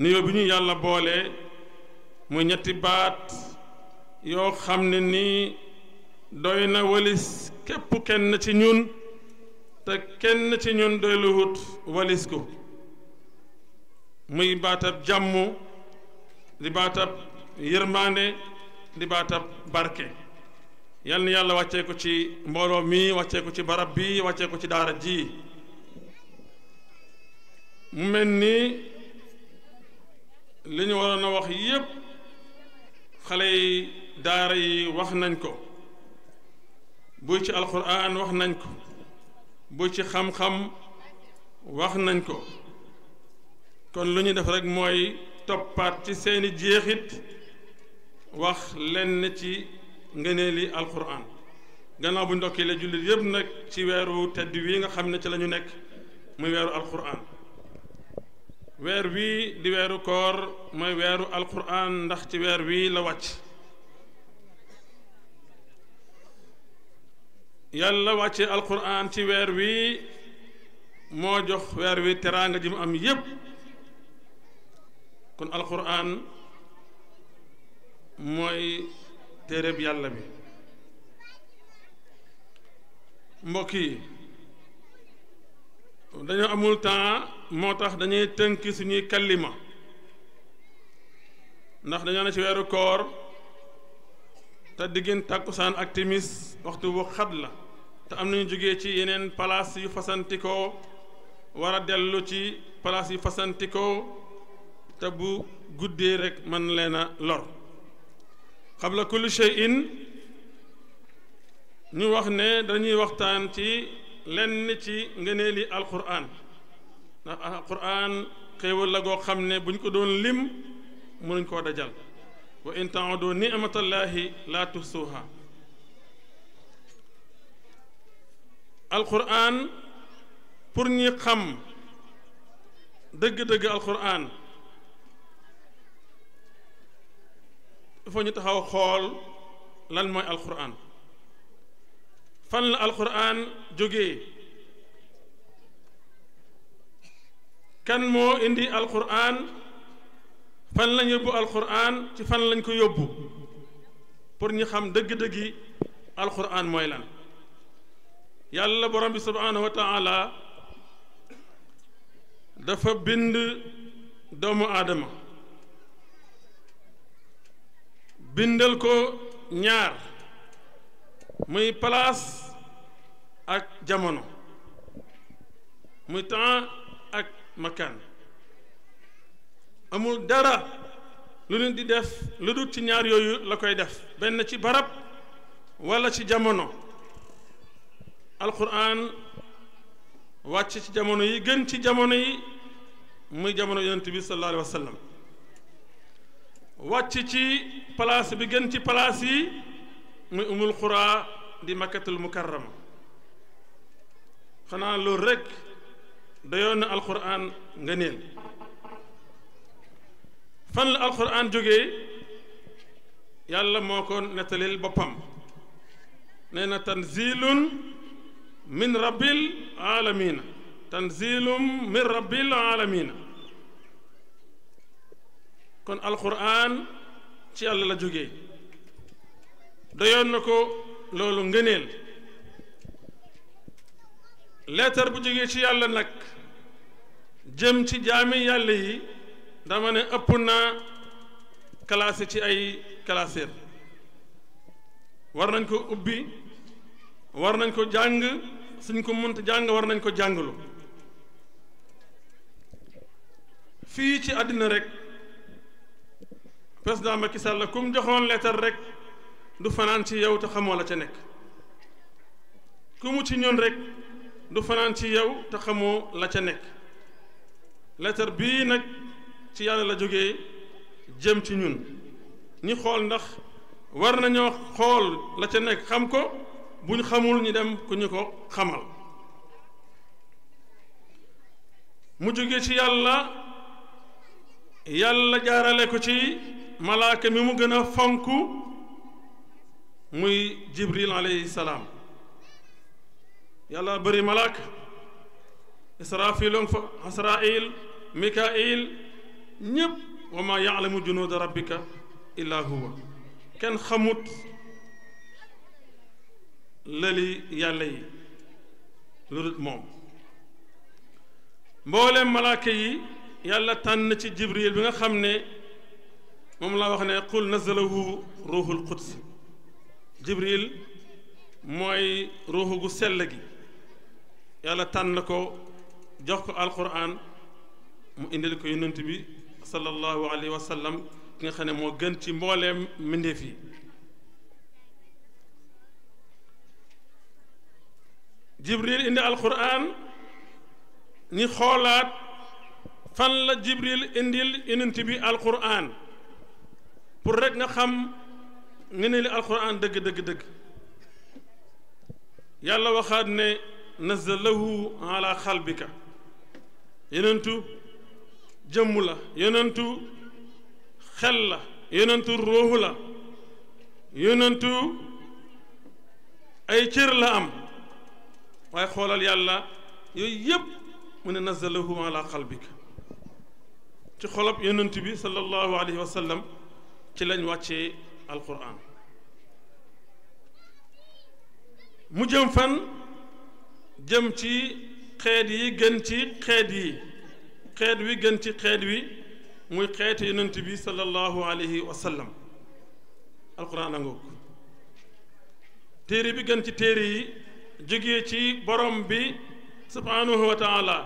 nuyu bi ñu yàlla boole muy ñetti baat yoo xam ne nii doy na walis képp kenn ci ñun te kenn ci ñun doy luwut walis ko muy baatab jàmm di baatab yërmaande di baatab barke yal na yàlla wàccee ko ci mbooloo mi wàccee ko ci barab bi wàccee ko ci daara ji mu mel ni li ñu waroon a wax yépp xale yi daara yi wax nañ ko buy ci alquran wax nañ ko buy ci xam-xam wax nañ ko kon lu ñu def rek mooy toppaat ci seeni jeexit wax lenn ci ngëneeli alquran gannaaw bu ndokki la jullit yëpp nag ci weeru tedd wii nga xam ne ci lañu ñu nekk muy weeru alquran weer wii di weeru koor mooy weeru alquran ndax ci weer wii la wàcc yàlla wàcce alquran ci weer wii moo jox weer wi teraanga ji mu am yépp kon alquran mooy téereb yàlla bi mbokk yi dañoo amul temps moo tax dañuy tënk suñuy kallima ndax dañoo ne ci weeru koor te diggéen tàkkusaan ak timis waxtu bu xat la te am nañu jógee ci yeneen palaas yu fasantikoo wara a dellu ci palaas yu fasantikoo te bu guddee rek mën leen a lor xabla kulli shay'in ñu wax ne dañuy waxtaan ci lenn ci ngëneeli alquran ndax alquran xéewal la goo xam ne buñ ko doon lim mënuñ koo dajal wa in taodu nicmatallahi laa tuhsuha alquran pour ñi xam dëgg-dëgg alquran il faut ñu taxaw xool lan mooy alquran fan la alquran jóge kan moo indi alquran fan lañ yóbbu alquran ci fan lañ ko yóbbu pour ñu xam dëgg-dëggi alquran mooy lan yàlla borom bi subhanahu wa taala dafa bind doomu aadama bindal ko ñaar muy palaas ak jamono muy temps ak makaan amul dara lu nit di def lu dul ci ñaar yooyu la koy def benn ci barab walla ci jamono alquran wàcce ci jamono yi gën ci jamono yi muy jamono yonent bi sallallahu alayhi واتشي بلاس بجنتي بلاسي من أم القرى دي مكة المكرمة خنا لورك ديون القرآن غنيل فن القرآن جوجي يلا موكون نتليل بابام نينا تنزيل من رب العالمين تنزيل من رب العالمين kon alquran ci yàlla la jóge doyoon na ko loolu ngëneel leetar bu jógee ci yàlla nag jëm ci jaami yàlla yi dama ne ëpp naa classé ci ay classeur war nañ ko ubbi war nañ ko jàng suñ ko mënta jàng war nañ ko jàngalu fii ci àddina rekk président Macky Sall la mu joxoon leetar rek du fanaan ci yow te xamoo la ca nekk ku mu ci ñun rekk du fanaan ci yow te xamoo la ca nekk leetar bii nag ci yàlla la jóge jëm ci ñun ñi xool ndax war nañoo xool la ca nekk xam ko bu ñu xamul ñu dem ku ñu ko xamal mu jóge ci yàlla yàlla jaarale ko ci malaaka mi mu gën a fonk muy jibril alayhi salaam yàlla bëri malaaka israfil fa asrail mikail ñépp wa ma yaalamu junuuda rabbika illa huwa kenn xamut lëli yàlla yi lu dul moom mboolem malaaka yi yàlla tànn ci jibril bi nga xam ne moom la wax ne qul nazalahu ruuxul quds jibril mooy ruuxu gu sell gi yàlla tànn ko jox ko alquran mu indil ko yonent bi sallallahu alayhi wa sallam ki nga xam ne moo gën ci mbooleem mbindeef yi jibril indi alquran ñi xoolaat fan la jibril indil yonent bi alquran pour rek nga xam ne ne li alquran deug deug deug yàlla waxat ne nazalahu ala khalbika yonentu jemula yonentu khalla yonentu ruhula yonentu ay cieur la am way xolal yàlla yoy yeb mun nazalahu ala khalbika ci xolop yonentu bi sallallahu alayhi wa sallam ci lañ wàccee alquran mu jëm fan jëm ci xeet yi gën ci xeet yi xeet wi gën ci xeet wi muy xeeti yonent bi sallallahu alayhi wa sallam alquran a ngoog téere bi gën ci téere yi jóge ci borom bi subhanahu wa taala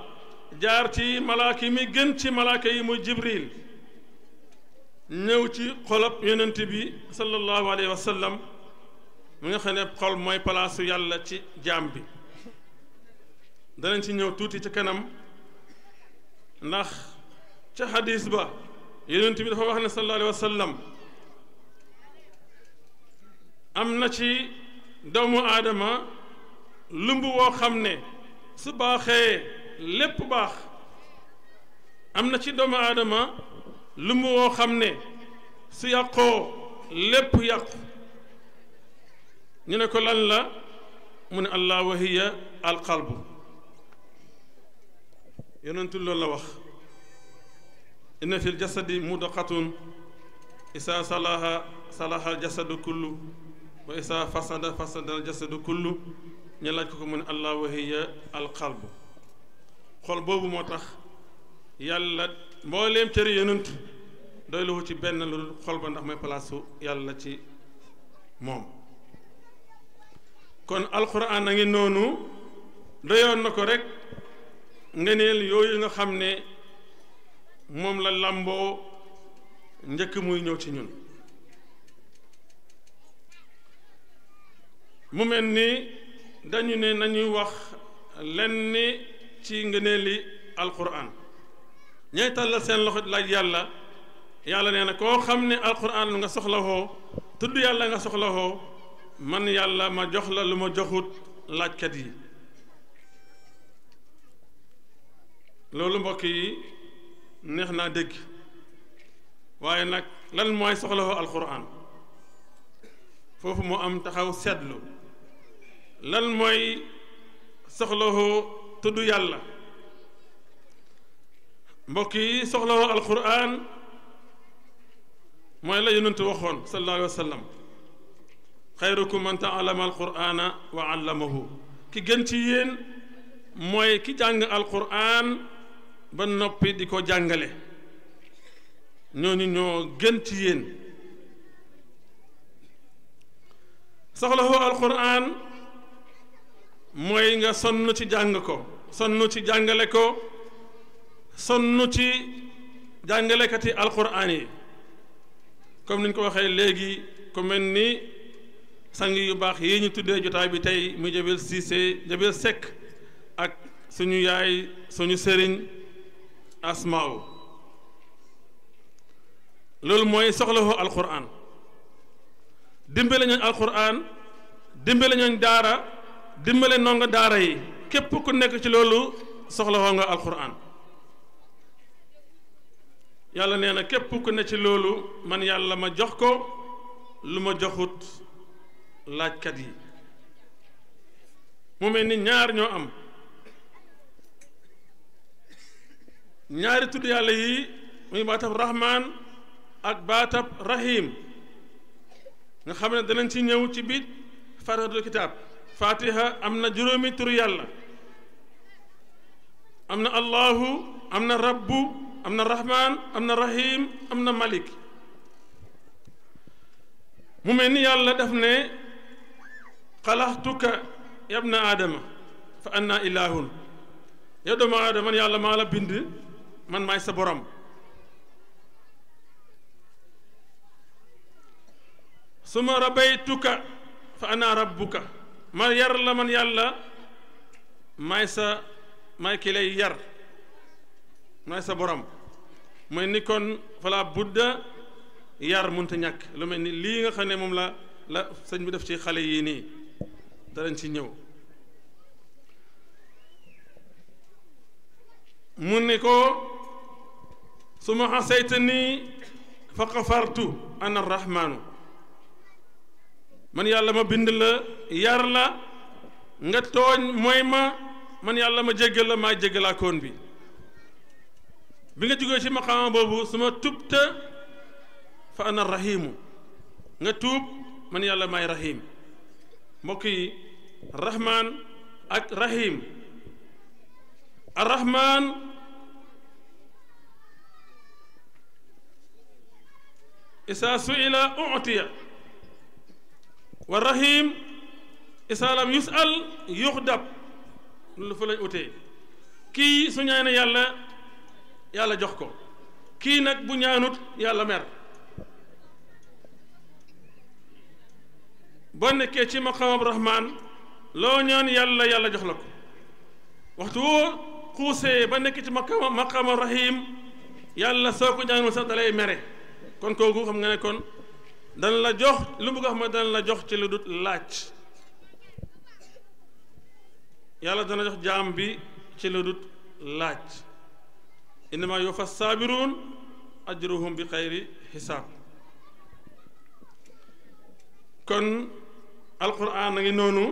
jaar ci malaaka mi gën ci malaaka yi muy jibril ñëw ci xolab yonent bi sallallahu alayhi wa sallam mi nga xam ne xol mooy palaasu yàlla ci jaam bi danañ ci ñëw tuuti ci kanam ndax ca xadis ba yonent bi dafa wax ne sallallahu alayhi wa sallam am na ci doomu aadama lumb woo xam ne su baaxee lépp baax am na ci doomu aadama lu mu woo xam ne su yàqoo lépp yàqu ñu ne ko lan la mu ne allah wahiya alqalbu yonentu loolu la wax inna fi ljasadi mudaqatun isaa salaha salaha aljasadu kullu wa isaa fasada fasada aljasadu kullu ñu laaj ko ko mu ne allah wahiya alqalbu xol boobu moo yàlla mbooleem cëri yonent doy lu ci benn lu xol ba ndax mooy palaasu yàlla ci moom kon alxuraan a ngi noonu doyoon na ko rek ngeneel yooyu nga xam ne moom la làmboo njëkk muy ñëw ci ñun mu mel ni dañu ne nañuy wax lenn ci ngeneeli alxuraan ñay tàllal seen loxo laaj yàlla yàlla nee na koo alquran nga soxla ho tuddu yàlla nga soxla ho man yàlla ma jox la luma joxut joxut kat yi lolou mbok yi nexna deug waye nak lan moy soxla ho alquran fofu mo am taxaw setlu lan moy soxla ho tuddu yàlla مكي سخلوا القرآن ما إلا ينتو وخون صلى الله عليه وسلم خيركم من تعلم القرآن وعلمه كي جنتين موي كي جانغ القرآن بن نوبي ديكو جانغالي نو نيو جنتيين سخلوا القرآن موي nga sonnu ci jang ko sonnu ci jangale sonn ci jàngalekati alquran yi comme ni ñu ko waxee léegi ku mel ni sang yu baax yi ñu tuddee jotaay bi tey muy Jabel Cissé Jabel Seck ak suñu yaay suñu sëriñ asmaaw loolu mooy soxlawoo alquran dimbale ñooñ alquran dimbale ñooñ daara dimbale ndongo daara yi képp ku nekk ci loolu soxla soxlawoo nga alquran yàlla neena kep ku ne ci lolu man yàlla ma jox ko luma joxut laaj kat yi mu melni ñaar ño am ñaari tuddu yàlla yi muy baatab rahman ak baatab rahim nga xamne ne ci ñëw ci bit faradul kitab fatiha amna na juróomi tur yàlla amna allah allahu rabbu امنا الرحمن امنا الرحيم امنا مالك ممن يالله دافني قلحتك يا ابن ادم فانا اله يا دوما ادم يالله مالا بند من ماي سبورم ثم ربيتك فانا ربك ما يرلمن يالله مايسا مايكلي يار, لمن يالا nooy sa borom mooy ni kon fala budda yar munta ñàkk lu mel ni lii nga xam ne moom la la sëñ bi def ci xale yii nii darañ ci ñëw mu ne ko su ma xasayta nii fa xafartu ana rahmaanu man yàlla ma bind la yar la nga tooñ mooy ma man yàlla ma jéggal la maa jéggalaakoon bi bi nga jógee ci maqaama boobu su ma tubta fa ana rahimu nga tuub man yàlla may rahim mbokk yi rahman ak rahim arrahman isaa suila utiya wa rahim isaa lam yusal yuxdab lu fa lañ utee kii su ñaane yàlla yàlla jox ko kii nag bu ñaanut yàlla mer boo nekkee ci maqaamab rahmaan loo ñaan yàlla yàlla jox la ko waxtu woo xuusee ba nekk ci maqaama maqaama rahim yàlla soo ko ñaanul sax dalay mere kon kooku xam nga ne kon dana la jox lu mu nga xam ne dana la jox ci lu dut laaj yàlla dana jox jaam bi ci lu dut laaj إنما يوفى الصابرون أجرهم بغير حساب kon alquran a ngi noonu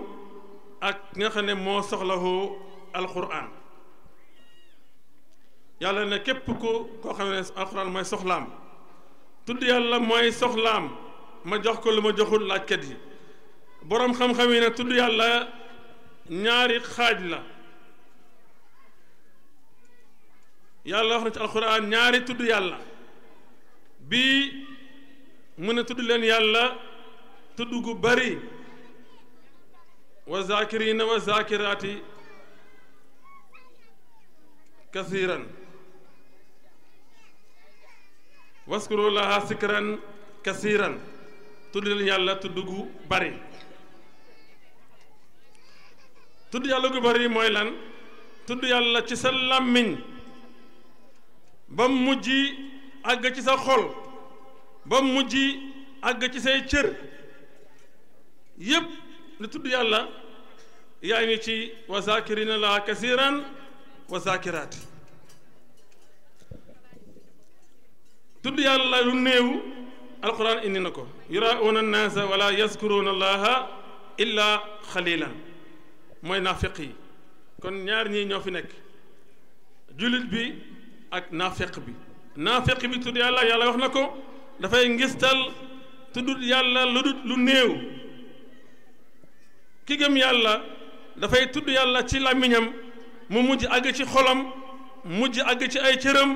ak nga xam ne moo soxlawoo alquran yàlla ne képp ko koo xam ne alquran mooy soxlaam tudd yàlla mooy soxlaam ma jox ko lu ma joxul laajkat yi boroom xam-xam yi ne tudd yàlla ñaari xaaj la yàlla wax na alxuraan ñaari tudd yàlla bii mu ne tudd leen yàlla tudd gu bari wa zakirina wa zakirati kasiran waskuru laha sikran kasiran tudd leen yàlla tudd gu bari tudd yàlla gu bari mooy lan tudd yàlla ci sa làmmiñ ba mujj àgg ci sa xol ba mujj àgg ci say cër yépp lu tudd yàlla yaa ngi ci wa zakirina la kasiran wa zakiraat tudd yàlla lu néew alquran indi na ko yurauna annaasa wala yaskuruna allaha illa xalilan mooy naafiq yi kon ñaar ñii ñoo fi nekk jullit bi ak naafeq bi naafeq bi tudd yàlla yàlla wax na ko dafay ngistal tuddut yàlla lu dut lu néew ki gëm yàlla dafay tudd yàlla ci làmmiñam mu mujj àgg ci xolam mujj àgg ci ay cëram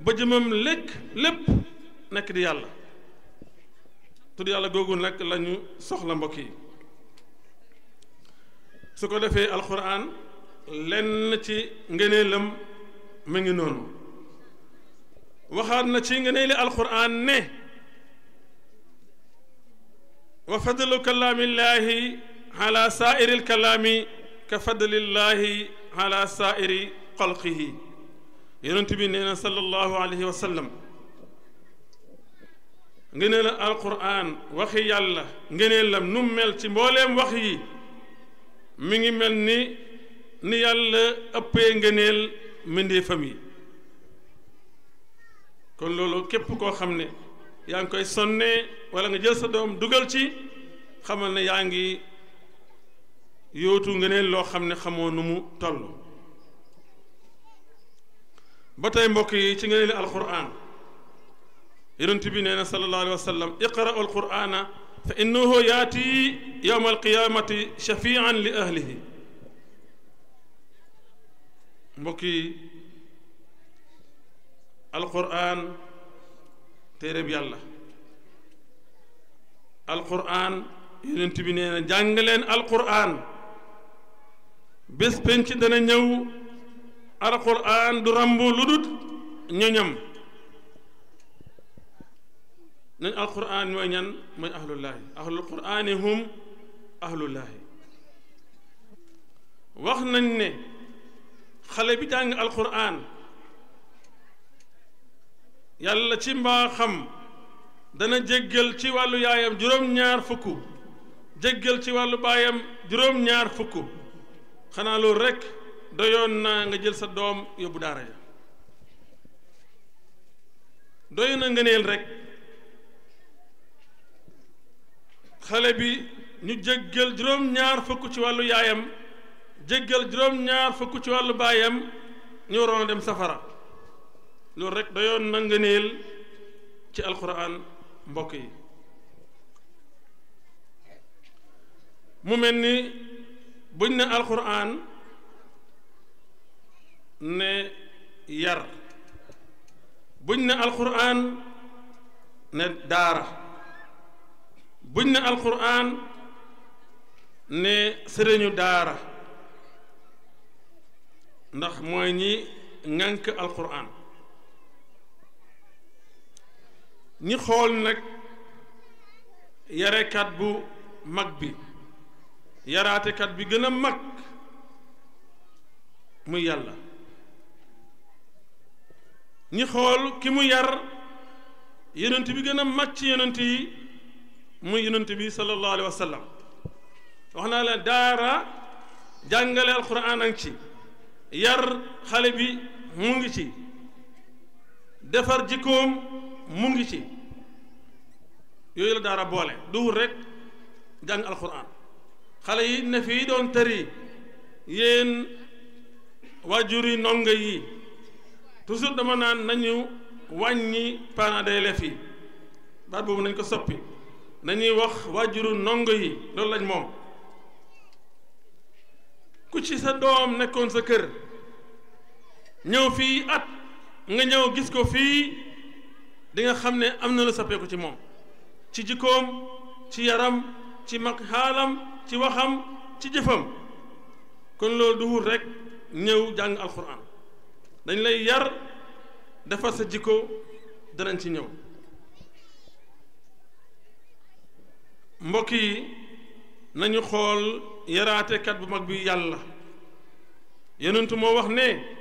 ba jëmam lekk lépp nekk di yàlla tudd yàlla googu nag lañu soxla mbokk yi su ko defee alxuraan lenn ci ngëneelam mu ngi noonu waxaat na ci nga ne li alquran ne wa fadlu kalaamillaahi ala saairi alkalaami ka fadlillaahi ala saairi xalqihi yonent bi nee na sallallahu alayhi wa sallam ngëneel alquran waxi yàlla ngëneelam nu mel ci mbooleem wax yi mi ngi mel ni ni yàlla ëppee ngëneel mende yi kon lolo kep ko xamne yang koy sonne wala nga jël sa dom duggal ci xamal ne yaangi yotu yootu ngeneen loo xam ne xamoo nu mu toll ba tey yi ci ngeneen alquran yonent bi neena sallallahu alaihi wasallam iqra alquran fa innahu yati yawm alqiyamati shafian li ahlihi mbokk yi alquran téereb yàlla alquran yonent bi nee na jàng leen alquran bés penc dana ñëw alquran du ramb lu dut ñoñam nañ alquran ñooy ñan mooy ahlullaahi ahlul qurani hum ahlullaahi wax nañ ne xale bi jàng alquran yàlla ci mbaaxam dana jéggal ci wàllu yaayam juróom-ñaar fukk jéggal ci wàllu baayam juróom-ñaar fukk xanaa loolu rekk doyoon na nga jël sa doom yóbbu daara ja doy na ngëneel rekk xale bi ñu jéggal juróom-ñaar fukk ci wàllu yaayam jéggal juróom-ñaar fukk ci wàllu baayam ñu waroon a dem safara loolu rek dayoon na ngëneel ci alquran mbokk yi mu mel ni buñ ne alquran ne yar buñ ne alquran ne daara buñ ne alquran ne sëriñu daara ndax mooy ñi ŋànk alquran ñi xool nag yarekat bu mag bi yaraatekat bi gën a mag muy yàlla ñi xool ki mu yar yonent bi gën a mag ci yënant yi muy yonent bi sallallahu alayhi wax naa la daara jàngale alquran ak ci yar xale bi mu ngi ci defar jikkoom mu ngi ci yooyu la daara boole duwul rekk jàng alxuraan xale yi ne fii doon tëri yéen waajur yi ndongo yi toujours dama naan nañu wàññi parents d'élèves yi baat boobu nañ ko soppi nañuy wax waajuru ndongo yi loolu lañ moom ku ci sa doom nekkoon sa kër ñëw fii at nga ñëw gis ko fii dinga xam ne am na lu soppeeku ci moom ci jikkoom ci yaram ci mag xaalam ci waxam ci jëfam kon loolu du wut rek ñëw jàng alquran dañ lay yar defar sa jikko danañ ci ñëw mbokk yi nañu xool yaraatekat bu mag bi yàlla yonentu moo wax ne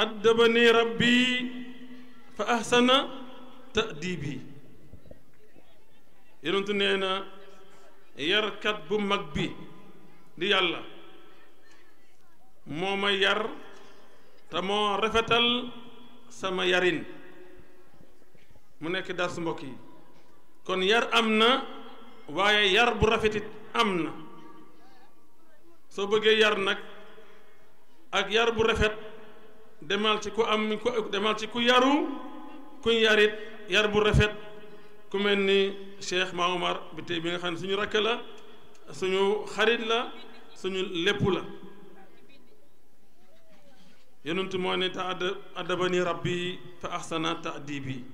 addabani rabbi fa ahsana ta'dibi yonentu nee na yarkat bu mag bi di yàlla moo ma yar te moo rafetal sama yariñ mu nekk dars mbokk yi kon yar am na waaye yar bu rafetit am na soo bëggee yar nag ak yar bu rafet demal ci ku am ku demal ci ku yaru kuñ yarit yar bu rafet ku mel ni Cheikh Ma Omar bi bi nga xam ne suñu rakk la suñu xarit la suñu lépp la yonentu moo ne ta add addabani fa ahsana taadibi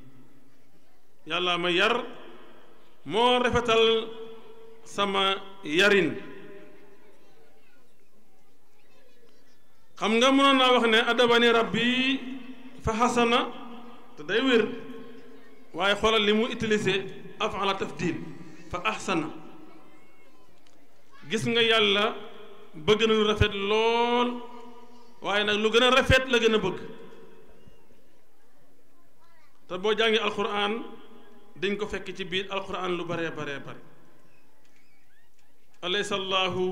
yàlla ma yar moo rafetal sama yarin xam nga mënoon naa wax ne adabani rabbi fa xasana te day wér waaye xoolal li mu utilisé afala tafdil fa ahsana gis nga yàlla bëgg na lu rafet lool waaye nag lu gën a rafet la gën a bëgg te boo jàngi alquran dañ ko fekk ci biir alquran lu baree baree bare alaysa allahu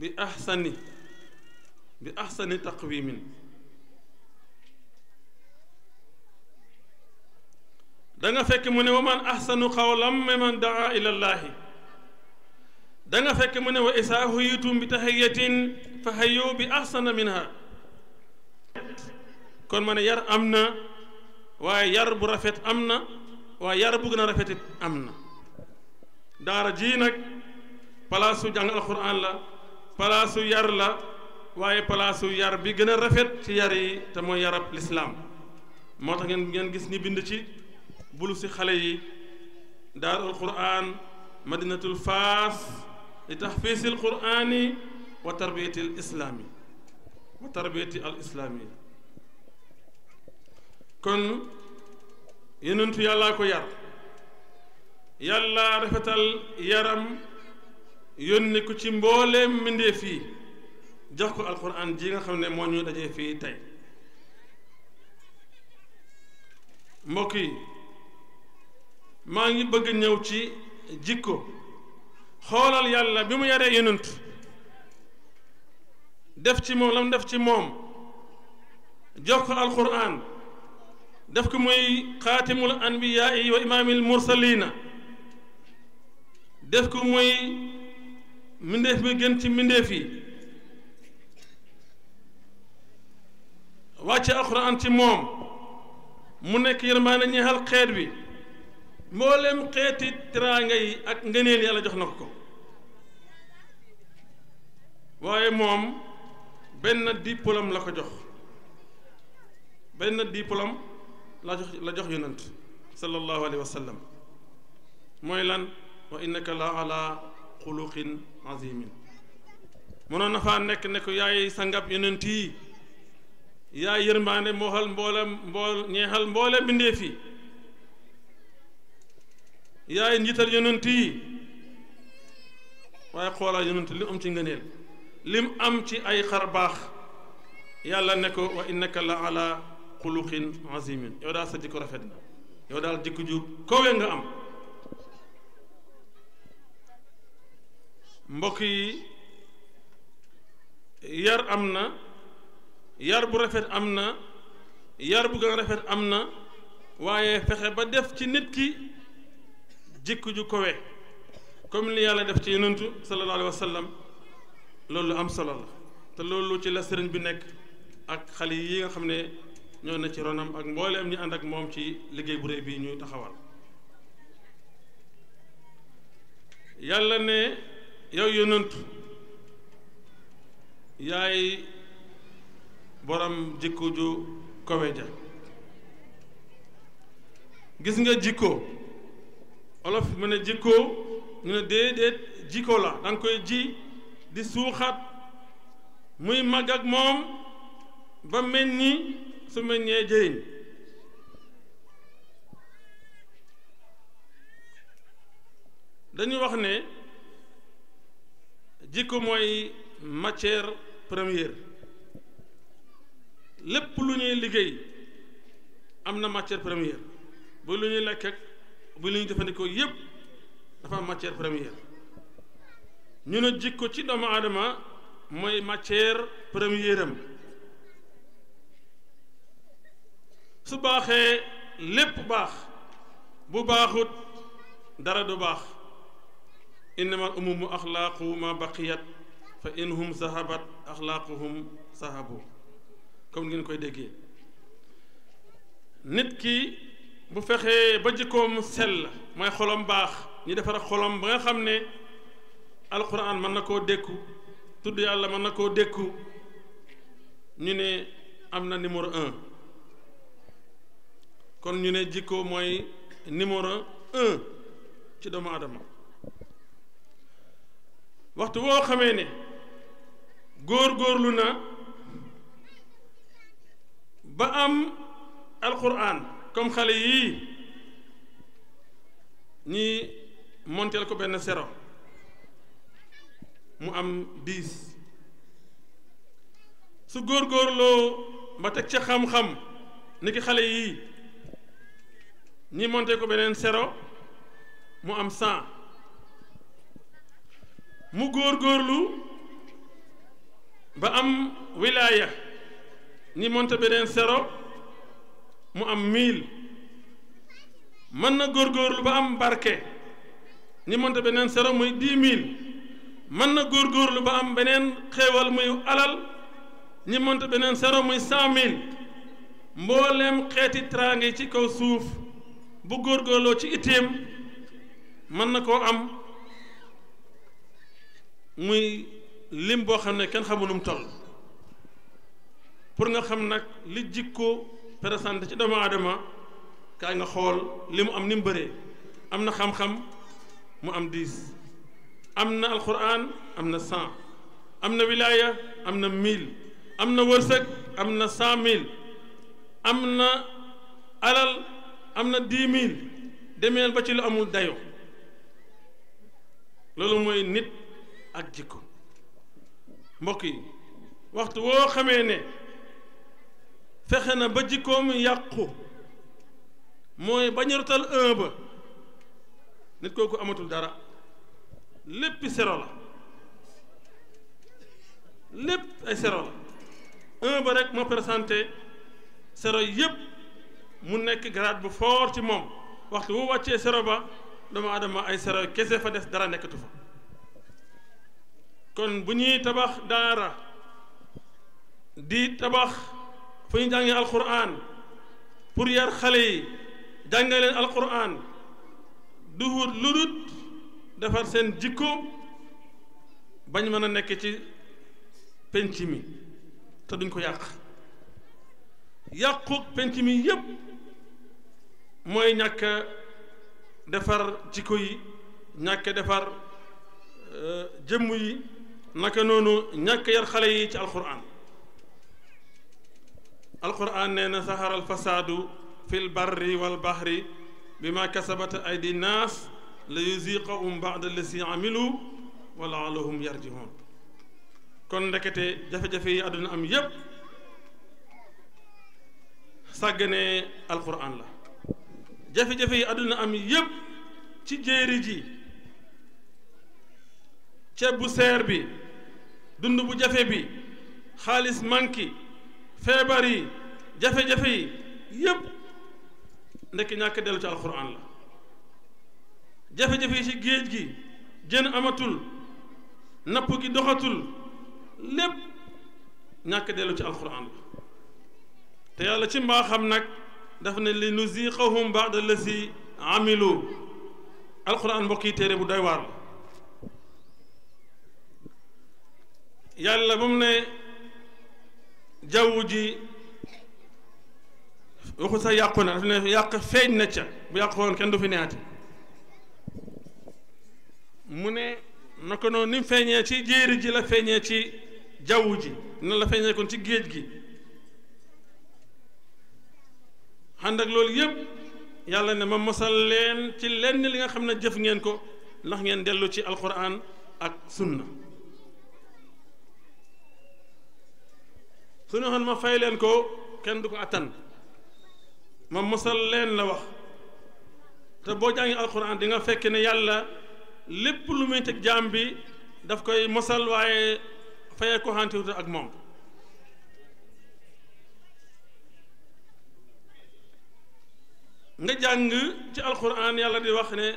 bi ahsani bi ahsani taqwimin danga fekk mu ne wa man ahsanu qawlan mimman daa ila danga fekk mu ne wa isaa huyitum bi tahiyatin fa hayyu bi ahsana minha kon ma ne yar am na waaye yar bu rafet am na waaye yar bu gën rafetit am na daara jii nag palaasu jàng alxuraan la palaasu yar la waye palaasu yar bi gëna rafet ci yar yi te moy yarab l'islam motax ngeen ngeen gis ñi bind ci bulu ci xale yi darul qur'an madinatul fas li taxfiisil quraani wa tarbiyati al islaami wa tarbiyati al islaami kon yenentu yàllaa ko yar yàlla rafetal yaram yónni ko ci mbooleem mbindeef yi jox ko alquran ji nga xam ne moo ñu dajee fii tey mbokk yi maa ngi bëgg ñëw ci jikko xoolal yàlla bi mu yaree yonent def ci moom lam def ci moom jox ko alquran def ko muy xaatimul anbiyaa'i wa imaamil mursalina def ko muy mbindeef mi gën ci mbindeef yi وجه أخرى أنت موم منك يرمان نهال خير بي مولم قيت ترانجي أكنيل يلا جهنكو واي موم بين الدبلوم لا جه بين الدبلوم لا جه لا جه ينت صلى الله عليه وسلم مولان وإنك لا على خلق عظيم منا نفع نك نكو ياي سنجاب ينتي يا يرمان مهل مولا مول نيهل مولا بندي في يا نيتال يوننتي واي خولا يوننتي لم تي غنيل لم ام تي اي خرباخ يالا نكو وانك لا على خلق عظيم يو دا سديك رافتنا يو دال ديكو جوب كوي nga يا mbokki yar amna yar bu rafet am na yar bu gën rafet am na waaye fexe ba def ci nit ki jikko ju kowe comme li yàlla def ci yonentu sallallahu alayhi wa sallam loolu am solo la te loolu ci la sëriñ bi nekk ak xale yi nga xam ne ñoo ne ci ronam ak mbooleem ñi ànd ak moom ci liggéey bu réy bi ñuy taxawal yàlla ne yow yonentu yaay borom jikko ju kowe ja gis nga jikko olof mu ne jikko ñu ne déedéet jikko la da koy ji di suuxat muy mag ak moom ba mel ni su meññee jëriñ dañu wax ne jikko mooy matière première lépp lu ñuy liggéey am na matière première bu lu ñuy lekk ak bu lu ñuy jëfandiko yépp dafa am matière première ñu ne jikko ci doomu adama mooy matière première am su baaxee lépp baax bu baaxut dara du baax innama umumu axlaaqu ma baqiyat fa inhum sahabat axlaaquhum sahabu comme ngeen koy déggee nit ki bu fexee ba jikkoom sell mooy xolom baax ñi defar xolom ba nga xam ne alxuraan mën na koo dékku tudd yàlla mën na koo dékku ñu ne am na numéro un kon ñu ne jikko mooy numéro un ci doomu aadama waxtu woo xamee ne góor góorlu na ba am alquran comme xale yii ñi monteel ko benn sero mu am diis su góor góorloo ba teg ca xam-xam ni ki xale yii ñi monté ko beneen sero mu am cent mu góor góorlu ba am wilaaya ñi monté beneen zéro mu am miil mën na góor góorgóorlu ba am barke ñi mënta beneen sero muy dix mille mën na góor góorgóorlu ba am beneen xéewal muy alal ñi monté beneen sero muy cent mille mbooleem xeeti teraanga yi ci kaw suuf bu góor góorloo ci itteem mën na koo am muy lim boo xam ne kenn xamul nu toll pour nga xam nag li jikko présenté ci dama adama kaay nga xool li mu am ni mu bëree am na xam-xam mu am dix am na alquran am na cent am na wilaya am na mille am na wërsëg am na cent mille am na alal am na dix mille demeel ba ci lu amul dayo loolu mooy nit ak jikko mbokk yi waxtu woo xamee ne فخنا بجيكم يقو موي بانيرتال امب نيت كوكو اماتول دارا لب سيرولا لب اي سيرولا امب رك ما بريزانتي سيرو ييب مو نيك غراد بو فور تي موم وقت هو واتي سيرو با دوما ادم اي سيرو كيسه فا ديس دارا نيكتو فا كون بو ني تباخ دارا دي تباخ fu ñu jàngee alquran pour yar xale yi jàngee leen alquran duhut ludut defar seen jikko bañ mën a nekk ci penc mi te duñ ko yàq yàquk penc mi yépp mooy ñàkk defar jikko yi ñàkk defar euh, jëmm yi naka noonu ñàkk yar xale yi ci alquran القرآن نين سهر الفساد في البر والبحر بما كسبت أيدي الناس ليزيقهم بعد الذي عملوا ولعلهم يرجعون كون دكتي جف جفي أدن أم يب سجني القرآن لا جف جفي أدن أم يب تجيرجي تبو سيربي دندو بجفبي خالص مانكي فيبر يي جافي جافي ييب نك نياك ديلو تي القران لا جافي جافي سي جيج جي جن اماتول نابو كي دوخاتول ليب نياك ديلو تي القران لا تي يالا سي ما خام نك داف ن لي نزيقهم بعد الذي عملوا القران بوكي تيري بو داي وار يالا بوم نه jaww ji waxu sax yàqu na daf ne yàq feeñ na ca bu yàqu woon kenn du fi neexati mu ne na ko noonu ni feeñee ci jéeri ji la feeñee ci jaww ji na la feeñee kon ci géej gi ànd ak loolu yépp yàlla ne ma mosal leen ci lenn li nga xam ne jëf ngeen ko ndax ngeen dellu ci alquran ak sunna su ne xoon ma fay leen ko kenn du ko attan ma mosal leen la wax te boo jàngi alxuraan di nga fekk ne yàlla lépp lu muy teg jaam bi daf koy mosal waaye fayee ko xantiwut ak moom nga jàng ci alxuraan yàlla di wax ne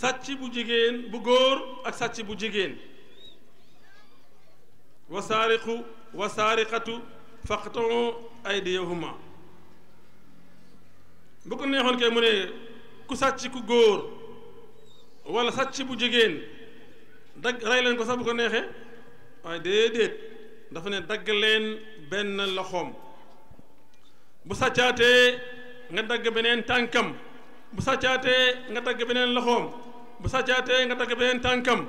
sàcc bu jigéen bu góor ak sàcc bu jigéen wasaariqu wasaariqatu faqtoo aydiyahuma bu ko neexoon kay mu ne ku sàcc ku góor wala sàcc bu jigéen dagg rey leen ko sax bu ko neexee waaye déedéet dafa ne dagg leen benn loxoom bu sàccaatee nga dagg beneen tànkam bu sàccaatee nga dagg beneen loxoom bu sàccaatee nga dagg beneen tànkam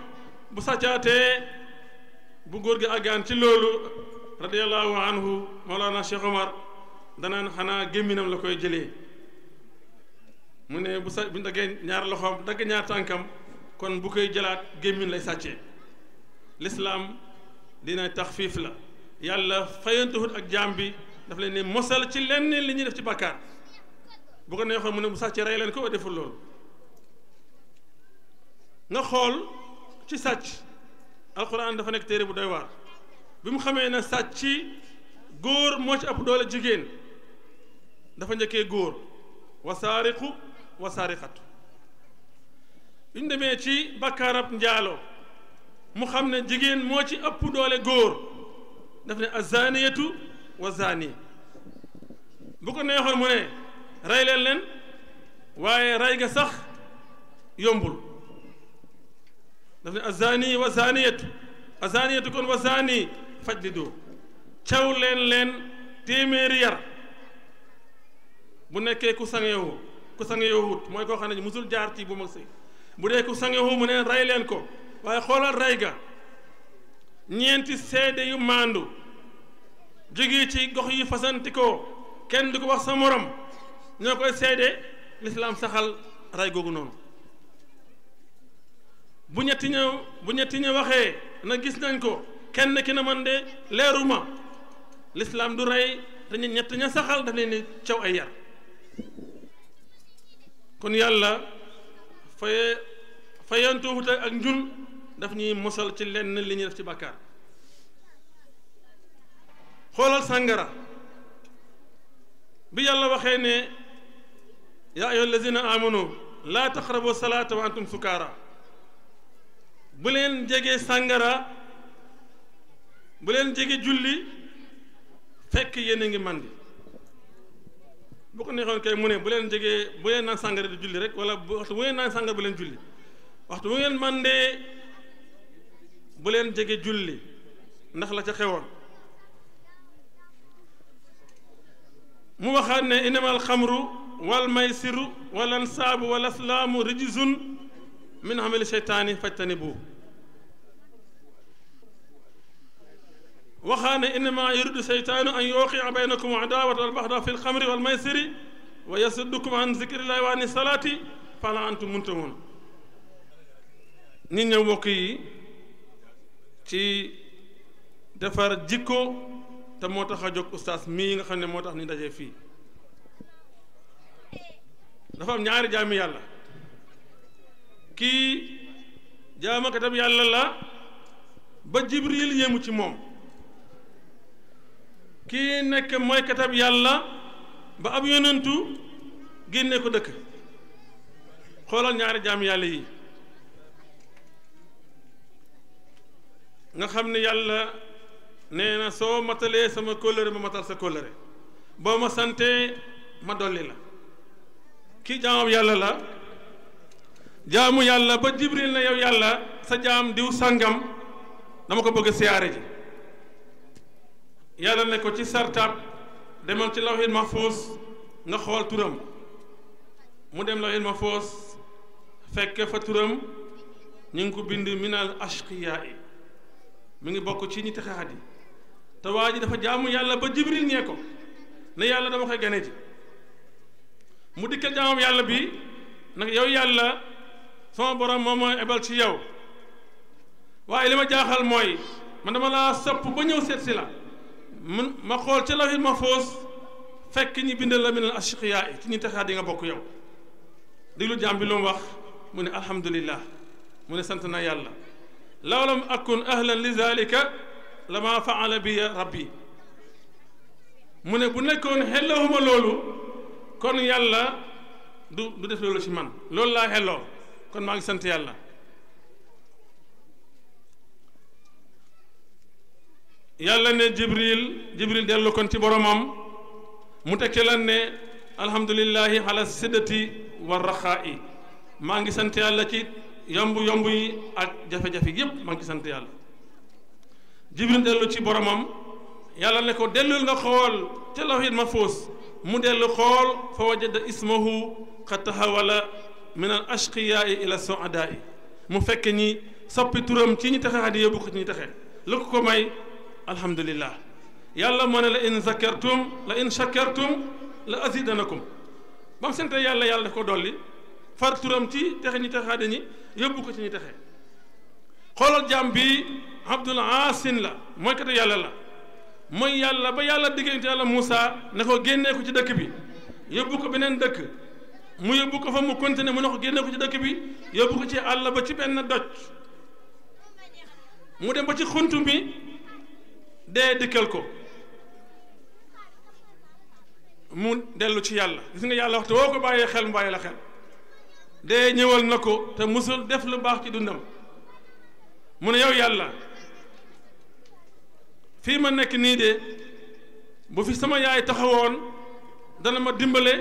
bu sàccaatee bu góor gi àggaan ci loolu radiallahu anhu moolaana Cheikh Omar danaan xanaa gémminam la koy jëlee mu ne bu sa bu daggee ñaar loxoom dagg ñaar tànkam kon bu koy jalaat gémmin lay sàccee lislaam dina taxfiif la yàlla fayantuhut ak jaam bi daf leen ne mosal ci lenn li ñuy def ci bàkkaar bu ko neexoon mu ne bu sàccee rey leen ko deful loolu nga xool ci sàcc alquran dafa nekk téere bu doy waar bi mu xamee ne sàcc góor moo ci ëpp doole jigéen dafa njëkke góor wasaariqu wasaariqatu bi ñu demee ci bakkaarab njaalo mu xam ne jigéen moo ci ëpp doole góor daf ne azaniyatu wa zani bu ko neexoon mu ne rey leen leen waaye ray ga sax yombul daf ne azani wa zaniyatu azaniyatu kon wa fajlidu len len leen téeméeri yar bu nekkee ku sangewu ku sangeewut mooy koo xam ne musul jaar ci bu mag sëy bu dee ku sangewu mu neen rey leen ko waaye xoolal ray ga ñeenti seede yu mandu jóge ci gox yi fasantikoo kenn du wax sa morom ñoo koy seede saxal rey googu noonu bu ñetti ñëw bu ñetti na gis nañ ko kenn ki na man de leeruma lislaam du rey dañu ñett ña saxal daf leen ni caw ay yar kon yàlla faye fayantuwut ak njul daf ñuy mosal ci lenn li ñuy def ci bàkkaar xoolal sàngara bi yàlla waxee ne yaa ayyuha allazina amanu laa taqrabu salaata wa antum sukaara bu leen jege sàngara bu leen jege julli fekk yéen a ngi mandi bu ko neexoon kay mu ne bu leen jegee bu leen naan sàngara di julli rek wala waxtu bu ngeen naan sàngara bu leen julli waxtu bu ngeen mandee bu leen jege julli ndax la ca xewoon mu waxaat ne inamal xamru wal maysiru wal ansaabu wal aslaamu rijsun min amali seytaani fajtanibu وخان إنما يرد سيطان أن يوقع بينكم عداوة البحر في الخمر والميسر ويسدكم عن ذكر الله وعن الصلاة فلا أنتم منتهون نين يوقي تي دفر جيكو تموتا خجوك أستاذ مين خان نموتا نداجي في نفهم نعار جامي الله كي جامع كتب يالله الله بجبريل يمو تي موم kii nekk mooy katab yàlla ba ab yonentu génne ko dëkk xoolal ñaari jaam yàlla yi nga xam ne yàlla nee na soo matalee sama kóllëre ma matal sa kóllëre boo ma santee ma dolli la kii jaamam yàlla la jaamu yàlla ba jibril na yow yàlla sa jaam diw sàngam dama ko bëgg siyaare ji yàlla ne ko ci sartaab demal ci lawhil mahfuus nga xool turam mu dem lawhil mahfuus fekk fa turam ñu ngi ko bind minal ashqiyaa yi mu ngi bokk ci ñi texaat yi te waa ji dafa jaamu yàlla ba jibril ñee ko ne yàlla dama koy gane mu dikkal jaamam yàlla bi nag yow yàlla sama borom moom mooy ebal ci yow waaye li ma jaaxal mooy ma dama laa sopp ba ñëw seet la من ما قال تلا في المفوز فكني بند الله من الأشقياء تني تخدع بقية دلو جنب لهم وح من الحمد لله من سنتنا يلا لو لم أكن أهلا لذلك لما فعل بي ربي من بنا كون هلا هم لولو كون يلا دو بدي فلوس من لولا هلا كون ما سنت يلا yàlla ne jibril jibril delu kon ci boromam mu tekki lan ne alhamdulillahi ala sidati war raxaa i ngi sant yàlla ci yombu yombu yi ak jafe-jafe yépp maa ngi sant yàlla jibril delu ci boromam yàlla ne ko delul nga xol ci lawhid mahfuus mu delu xol fa wajada ismahu qad tahawala min al ashqiya ila suadaai mu fekk ñi soppi turam ci ñi taxadi xadi ci ñi taxé lu ko may alhamdulillah yàlla moo ne la in zakartum la in shakartum la azidanakum ba mu sante yàlla yàlla daf ko dolli far turam ci texe ñi texaade ñi yóbbu ko ci ñi texe xoolal jaam bi abdul asin la mooy katu yàlla la mooy yàlla ba yàlla diggante yàlla Moussa ne ko génnee ko ci dëkk bi yóbbu ko beneen dëkk mu yóbbu ko fa mu continuer mu ne ko génnee ko ci dëkk bi yóbbu ko ci àll ba ci benn doj mu dem ba ci xunt bi dee dikkal ko mu dellu ci yàlla gis nga yàlla waxtu woo ko bàyyee xel mu bàyyi la xel dee ñëwal na ko te musul def lu baax ci dundam mu ne yow yàlla fii ma nekk nii de bu fi sama yaay taxawoon dana ma dimbale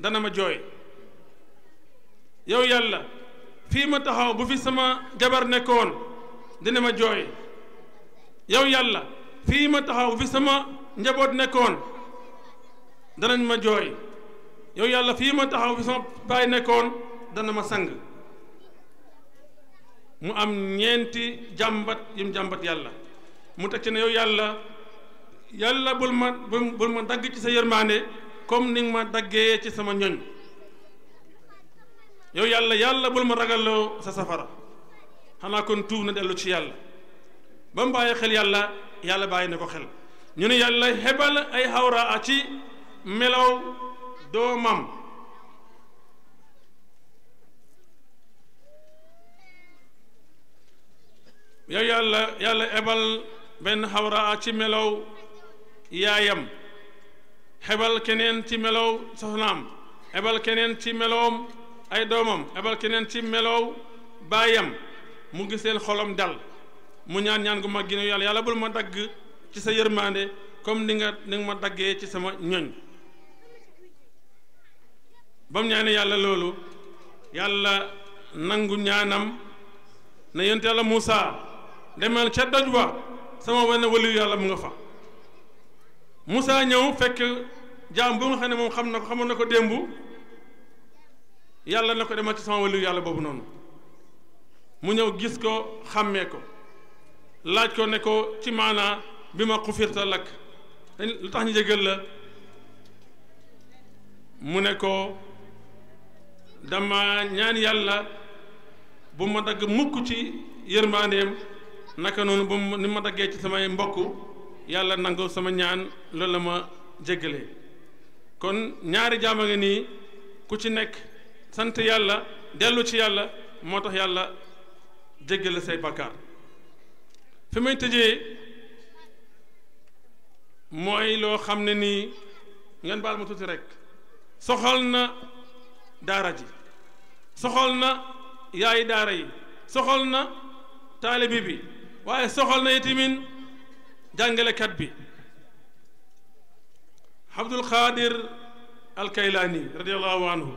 dana ma jooy yow yàlla fii ma taxaw bu fi sama jabar nekkoon dina ma jooy yow yàlla fii ma taxaw fi sama njaboot nekkoon dana ma jooy yow yàlla fii ma taxaw fi sama baay nekkoon dana ma sang mu am ñeenti jàmbat yim jàmbat yàlla mu teg ci ne yow yàlla yàlla bul ma ma dagg ci sa yërmaande comme ni ma daggee ci sama ñoñ yow yàlla yàlla bul ma ragalloo sa safara xanaa kon tuub na dellu ci yàlla ba mu bàyyi xel yàlla yàlla bàyyi na ko xel ñu ne yàlla hebal ay xawraa ci melaw doomam yow yàlla yàlla ebal benn xawraa ci melow yaayam hebal keneen ci melow soxnaam hebal keneen ci melowam ay doomam hebal keneen ci melow baayam mu gis leen xolam dal mu ñaan ñaan gu mag gi yàlla yàlla bul ma dagg ci sa yërmande comme ni nga ni ma daggee ci sama ñoñ ba mu ñaane yàlla loolu yàlla nangu ñaanam ne yonent yàlla Moussa demal ca doj wa sama wenn waliyu yàlla mu nga fa Moussa ñëw fekk jaam bu nga xam ne moom xam na ko xamoon na ko démb yàlla na ko demal ci sama waliyu yàlla boobu noonu mu ñëw gis ko xàmmee ko laaj ko ne ko ci maanaa bi ma xufirta lakk lu tax ñu jéggal la mu ne ko dama ñaan yàlla bu ma dagg mukk ci yërmaandeem naka noonu bu ma ni ma daggee ci samay mbokk yàlla nangu sama ñaan loolu la ma jéggalee kon ñaari jaam nga nii ku ci nekk sant yàlla dellu ci yàlla moo tax yàlla jéggale say bàkkaar fi may mooy loo xam ne nii ngeen baal ma tuuti rek soxal na daara ji soxal na yaayi daara yi soxal na taalibi bi waaye soxal na itimin jàngalekat bi Abdul Xaadir Alkaylaani radiallahu anhu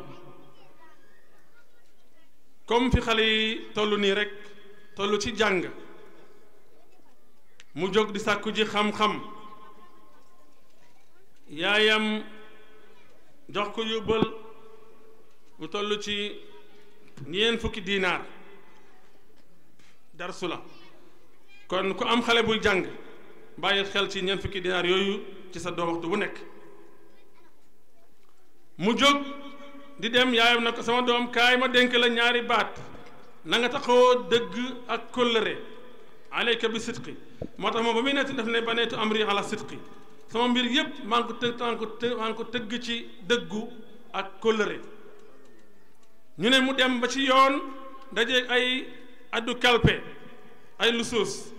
comme fi xale yi tollu nii rek tollu ci jàng mu jóg di sàkku ji xam-xam yaayam jox ko yóbbal mu toll ci ñeent fukki diinaar darsu la kon ku am xale buy jàng bàyyi xel ci ñeent fukki diinaar yooyu ci sa doom waxtu bu nekk mu jóg di dem yaayam na ko sama doom kaay ma denk la ñaari baat na nga taxoo dëgg ak kóllëre alayka bi sidqi moo tax moom ba muy netti def ne baneetu amri ala sidqi sama mbir yëpp maa ngi ko tëg maa ngi tëgg ci dëggu ak kóllëre ñu ne mu dem ba ci yoon dajeeg ay addu kalpe ay lusuus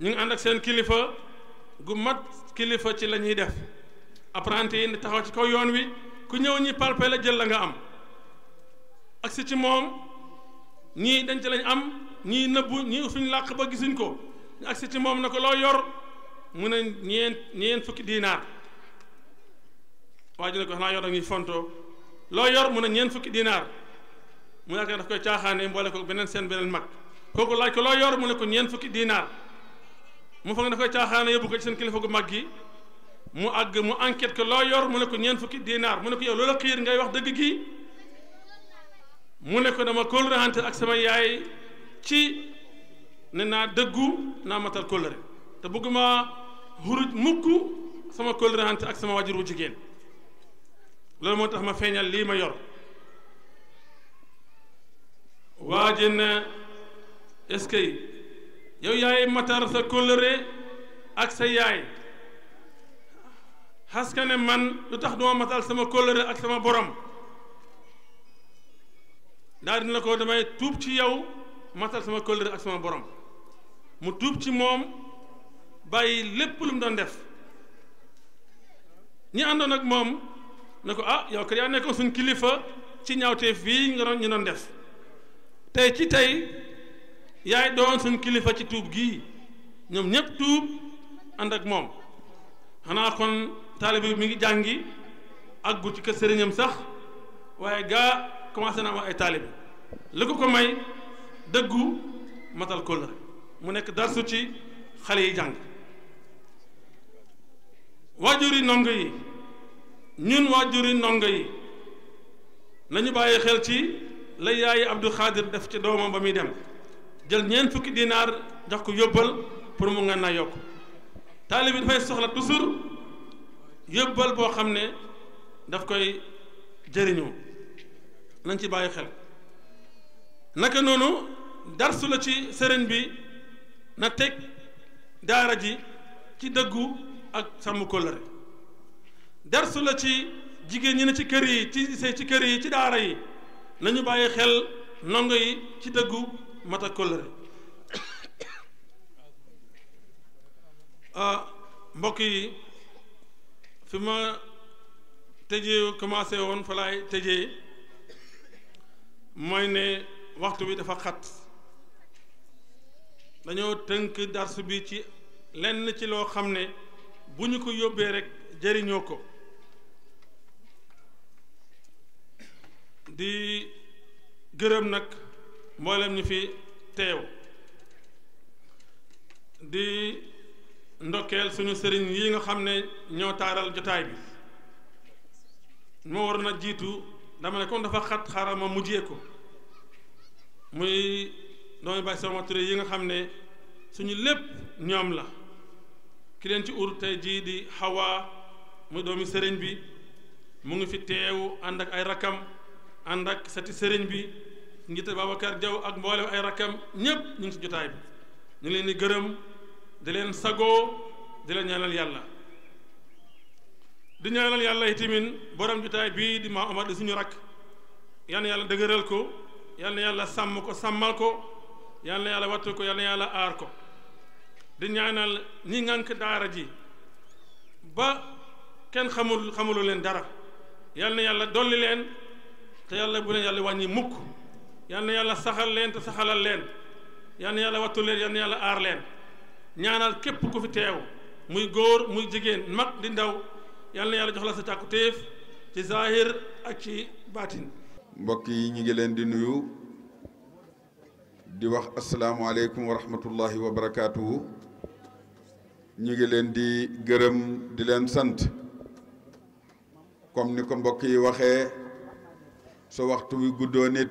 ñu ngi ànd ak seen kilifa gu mat kilifa ci la ñuy def apprenti yi taxaw ci kaw yoon wi ku ñëw ñi palpe la jël la nga am agsi ci moom ñii denc lañ am ñii nëbbu ñii suñ làq ba gisuñ ko ñu agsi ci moom na ko loo yor mu ne ñeent ñeent fukki diinaar waa ji ne ko xanaa yor nag ñuy loo yor mu ne ñeent fukki diinaar mu yaakaar daf caaxaane mboole ko beneen seen beneen mag kooku laaj ko loo yor mu ne ko ñeent fukki diinaar mu foog ne daf koy caaxaane yóbbu ko ci seen kilifa gu mag gi mu àgg mu enquête ko loo yor mu ne ko ñeent fukki diinaar mu ne ko yow loola xiir ngay wax dëgg gi mu ne ko dama kóolurante ak sama yaay ci ne naa dëggu naa matal kóllëre te bëgguma xuruj mukk sama kóllëre ante ak sama wajur wu jigéen loolu moo tax ma feeñal lii ma yor waa ji ne yow yaay matar sa kóllëre ak sa yaay xaska ne man lu tax duma matal sama kóllëre ak sama borom daal dina ko damay tuub ci yow matal sama kóllëre ak sama borom mu tuub ci moom bàyyi lépp lu mu doon def ñi àndoon ak moom ne ko ah yow kat yaa nekkoon suñ kilifa ci ñaawteef bii nga doon ñu doon def tey ci tey yaay doon suñ kilifa ci tuub gii ñoom ñëpp tuub ànd ak moom xanaa kon taalibe bi mi ngi jàngi àggu ci kër sëriñam sax waaye gaa commencé na am ay taalibe li ko ko may dëggu matal kóllëre mu nekk darsu ci xale yi jàng waajuri ndongo yi ñun waajuri ndongo yi nañu bàyyi xel ci la yaayi Abdou Khadir def ci doomam ba muy dem jël ñeent fukki dinaar jox ko yóbbal pour mu nga naa yokk taalibe bi dafay soxla toujours yóbbal boo xam ne daf koy jëriñoo nañ ci bàyyi xel naka noonu darsu la ci sëriñ bi na teg daara ji ci dëggu ak sàmm kóllëre darsu la ci jigéen ñi ne ci kër yi ci lycée ci kër yi ci daara yi nañu bàyyi xel ndongo yi ci dëggu mat ak kóllëre ah, mbokk yi fi ma tëjee commencé woon fa laay tëjee mooy ne waxtu wi dafa xat dañoo tënk dars bi ci lenn ci loo xam ne bu ñu ko yóbbee rek jëriñoo ko di gërëm nag mboolem ñu fi teew di ndokkeel suñu sëriñ yi nga xam ne ñoo taaral jotaay bi moo war na jiitu dama ne comme dafa xat xaaral ma mujjee ko muy doomi Baye Samba Touré yi nga xam ne suñu lépp ñoom la ki leen ci ur tey jii di Hawa muy doomi sëriñ bi mu ngi fi teew ànd ak ay rakam ànd ak sati sëriñ bi njiite Babacar Diaw ak mboolem ay rakkam ñépp ñu ngi ci jotaay bi ñu ngi leen di gërëm di leen sagoo di leen ñaanal yàlla di ñaanal yàlla itimin borom jotaay bii di maa Omar di suñu rakk yal yàlla dëgëral ko yal yàlla sàmm ko sàmmal ko yal na yàlla wattu ko yal na yàlla aar ko di ñaanal ñi ngànk daara ji ba kenn xamul xamulu leen dara yal na yàlla dolli leen te yàlla bu leen yàlla wàññi mukk yal na yàlla saxal leen te saxalal leen yal na yàlla wattu leen yal na yàlla aar leen ñaanal képp ku fi teew muy góor muy jigéen mag di ndaw yal na yàlla jox la sa càkkutéef ci zahir ak ci baatin mbokk yi ñu ngi leen di nuyu di wax asalaamualeykum wa rahmatullahi wa barakaatuhu ñu ngi leen di gërëm di leen sant comme ni ko mbokk yi waxee su waxtu wi guddoo nit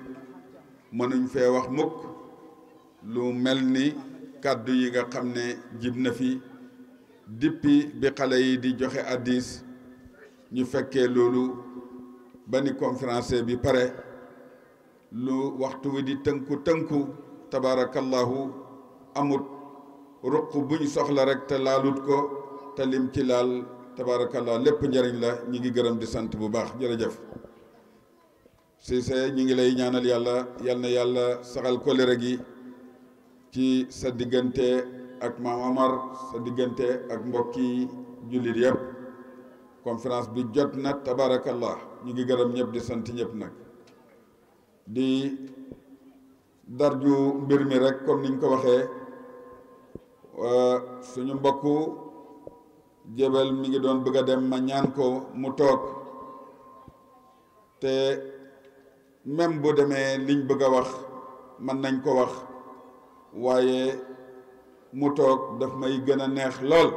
mënuñ fee wax mukk lu mel ni kàddu yi nga xam ne jib na fi dippi bi xale yi di joxe addis ñu fekkee loolu ba ni conférencier bi pare lu waxtu wi di tënku tënku tabaarakallahu amut ruq buñ soxla rek te laalut ko te lim ci laal tabaarakallah lépp njariñ la ñu ngi gërëm di sant bu baax jërëjëf Cissé ñu ngi lay ñaanal yàlla yal na yàlla saxal kolere gi ci sa diggante ak maam Amar sa diggante ak mbokki jullit yëpp conférence bi jot na tabaarakallah ñu ngi gërëm ñëpp di sant ñëpp nag di darju mbir mi rek comme niñ ko waxee euh, suñu mbokk jébal mi ngi doon bëgg a dem ma ñaan ko mu toog te même bu demee liñ bëgg a wax mën nañ ko wax waaye mu toog daf may gën a neex lool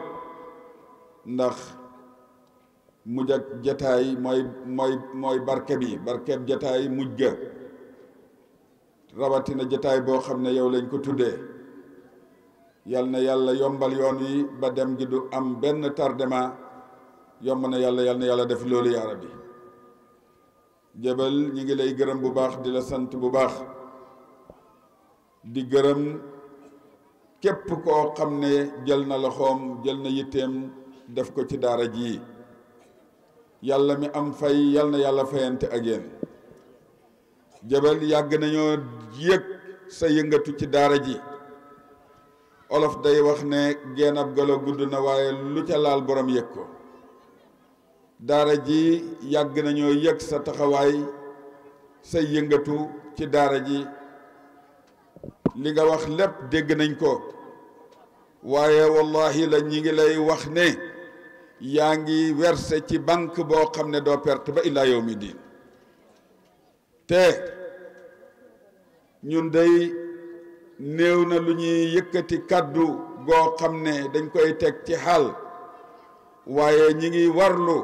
ndax mujj ak jataay mooy mooy mooy barke bi barkeb jataay mujj rawatina jataay boo xam ne yow lañ ko tuddee yal na yàlla yombal yoon yi ba dem gi du am benn tardement yomb na yàlla yal na yàlla def loolu yaa bi jëbal ñi ngi lay gërëm bu baax di la sant bu baax di gërëm képp koo xam ne jël na loxoom jël na yitteem def ko ci daara ji yàlla mi am fay yal na yàlla fayante ak yéen yàgg nañoo yëg sa yëngatu ci daara ji olof day wax ne geen ab golo gudd na waaye lu ca laal borom yëg ko daara ji yàgg nañoo yëg sa taxawaay sa yëngatu ci daara ji li nga wax lépp dégg nañ ko waaye wallahi la ñi ngi lay wax ne yaa ngi verser ci banque boo xam ne doo perte ba illaa mi diin te ñun day néew na lu ñuy yëkkati kàddu goo xam ne dañ koy teg ci xaal waaye ñi ngi warlu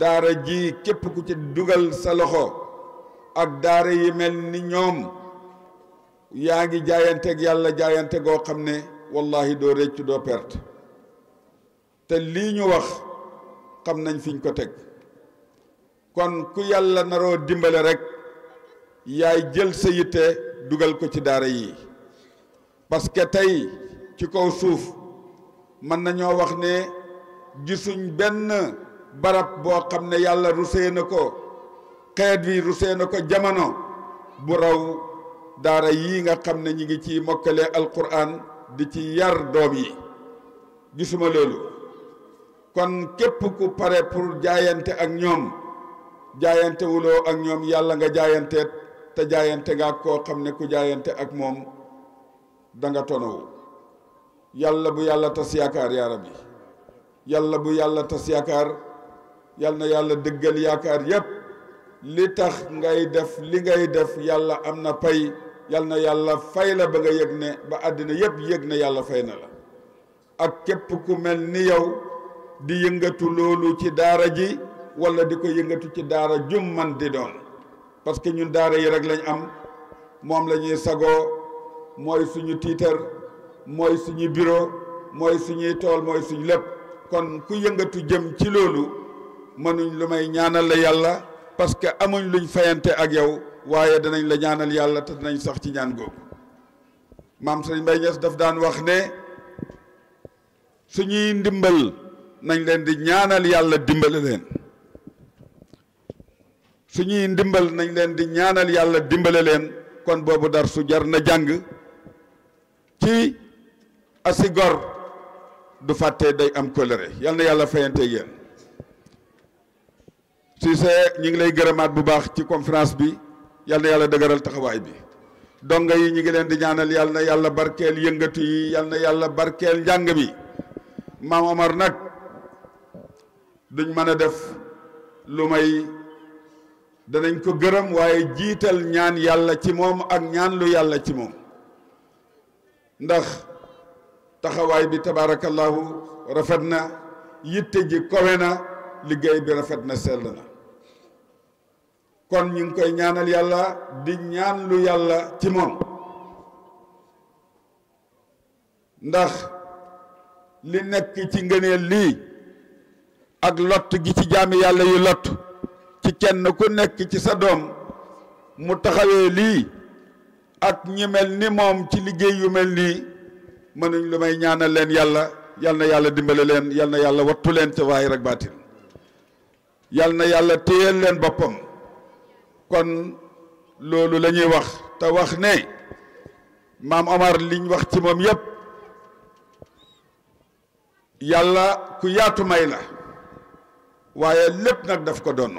daara ji képp ku ci dugal sa loxo ak daara yi mel ni ñoom yaa ngi jaayanteeg yàlla jaayante goo xam ne wallahi doo réccu doo perte te lii ñu wax xam nañ fiñ ko teg kon ku yàlla naroo dimbale rekk yaay jël sa yitte dugal ko ci daara yi parce que tey ci kaw suuf mën nañoo wax ne gisuñ benn barab boo xam ne yàlla rusee na ko xeet wi rusee na ko jamono bu raw daara yi nga xam ne ñi ngi ci mokkale alquran di ci yar doom yi gisuma loolu kon képp ku pare pour jaayante ak ñoom jaayante ak ñoom yàlla nga jaayanteet te jaayante nga koo xam ne ku jaayante ak moom danga tonawu yàlla bu yàlla tas yaakaar yaa rabbi yàlla bu yàlla tas yaakaar yàlla na yàlla dëggal yaakaar yépp li tax ngay def li ngay def yàlla am na pay yàlla na yàlla fay la ba nga yëg ne ba àddina yépp yëg ne yàlla fay na la ak képp ku mel ni yow di yëngatu loolu ci daara ji walla di ko yëngatu ci daara jum man di doon parce que ñun daara yi rek lañu am moom la ñuy sagoo mooy suñu tiitar mooy suñu bureau mooy suñuy tool mooy suñu lépp kon ku yëngatu jëm ci loolu mënuñ lu may ñaanal la yàlla parce que amuñ luñ fayante ak yow waaye danañ la ñaanal yàlla te danañ sax ci ñaan googu maam Sëriñ Mbaye Niass daf daan wax ne suñuy ndimbal nañ leen di ñaanal yàlla dimbale leen suñuy ndimbal nañ leen di ñaanal yàlla dimbale leen kon boobu dar su jar na jàng ci asi gor du fàtte day am colère yal yàlla fayante yéen Cissé ñu ngi lay gërëmaat bu baax ci conférence bi yal na yàlla dëgëral taxawaay bi donga yi ñu ngi leen di ñaanal yàlla na yàlla barkeel yëngatu yi yal na yàlla barkeel njàng mi maam Omar nag duñ mën a def lu may danañ ko gërëm waaye jiital ñaan yàlla ci moom ak ñaanlu yàlla ci moom ndax taxawaay bi tabaarakallahu rafet na yitte ji kowe na liggéey bi rafet na sell na kon ñu ngi koy ñaanal yàlla di ñaan lu yàlla ci moom ndax li nekk ci ngëneel lii ak lott gi ci jaami yàlla yu lott ci kenn ku nekk ci sa doom mu taxawee lii ak ñi mel ni moom ci liggéey yu mel nii mënuñ lu may ñaanal leen yàlla yal na yàlla dimbale leen yal na yàlla wattu leen ci waay rek baatin yal na yàlla téyel leen boppam kon loolu la ñuy wax te wax ne maam Omar liñ wax ci moom yépp yàlla ku yaatu may la waaye lépp nag daf ko donn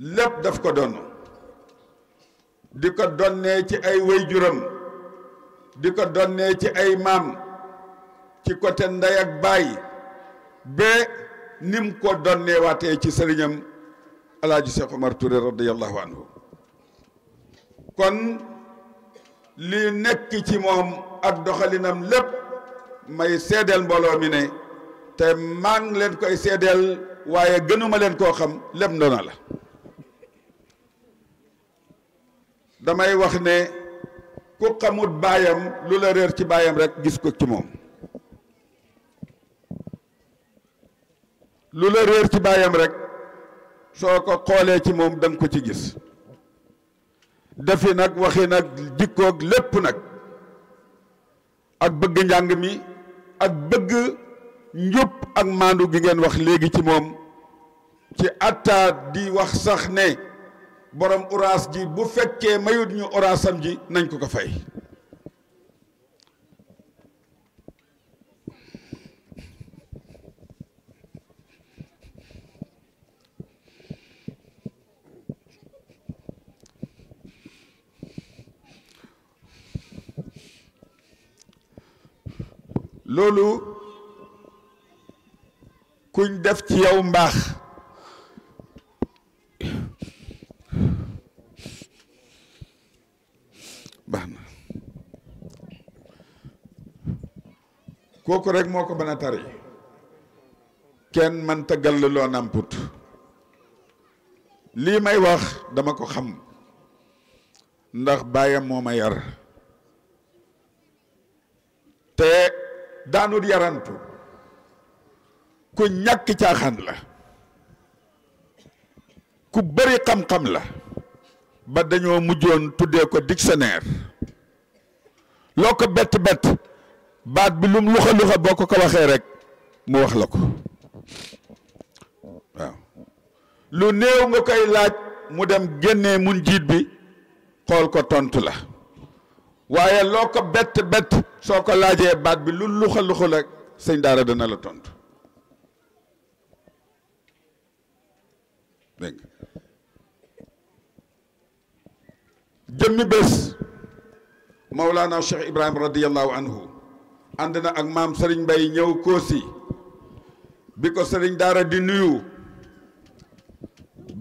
lépp daf ko donn di ko donnee ci ay wayjuram di ko donnee ci ay maam ci côté ndey ak baay ba nim ko donnee waatee ci sëriñam alaaji Cheikh Omar Touré radiyallahu anhu kon li nekk ci moom ak doxalinam lépp may seedeel mbooloo mi ne te maa leen koy seedeel waaye gënuma leen koo xam lépp ndoona la damay wax ne ku xamut baayam lu la réer ci baayam rekk gis ko ci moom lu la réer ci baayam rekk soo ko xoolee ci moom danga ko ci gis defi nag waxi nag jikkoog lépp nag ak bëgg njàng mi ak bëgg njub ak maandu gi ngeen wax léegi ci moom ci attaat di wax sax ne boroom oraas ji bu fekkee mayut ñu oraasam ji nañ ko ko fay loolu kuñ def ci yow mbaax baax na kooku rekk moo ko mën a tari kenn mënta gàll loo lii may wax dama ko xam ndax baayam moo ma yar te daanut yarantu ku ñàkk caaxaan la ku bari xam-xam la ba dañoo mujjoon tuddee ko dictionnaire loo ko bett bett baat bi lum luxa luxa boo ko ko waxee rek mu wax la ko waaw lu néew nga koy laaj mu dem génne mun jiit bi xool ko tontu la waaye loo ko bett bett soo ko laajee baat bi lu luxa luxa rek sëñ daara dana la tontu dégg jëmmi bés Mawlana Cheikh Ibrahim radiyallahu anhu ànd na ak maam sëriñ Mbaye ñëw Koosi bi ko sëriñ Daara di nuyu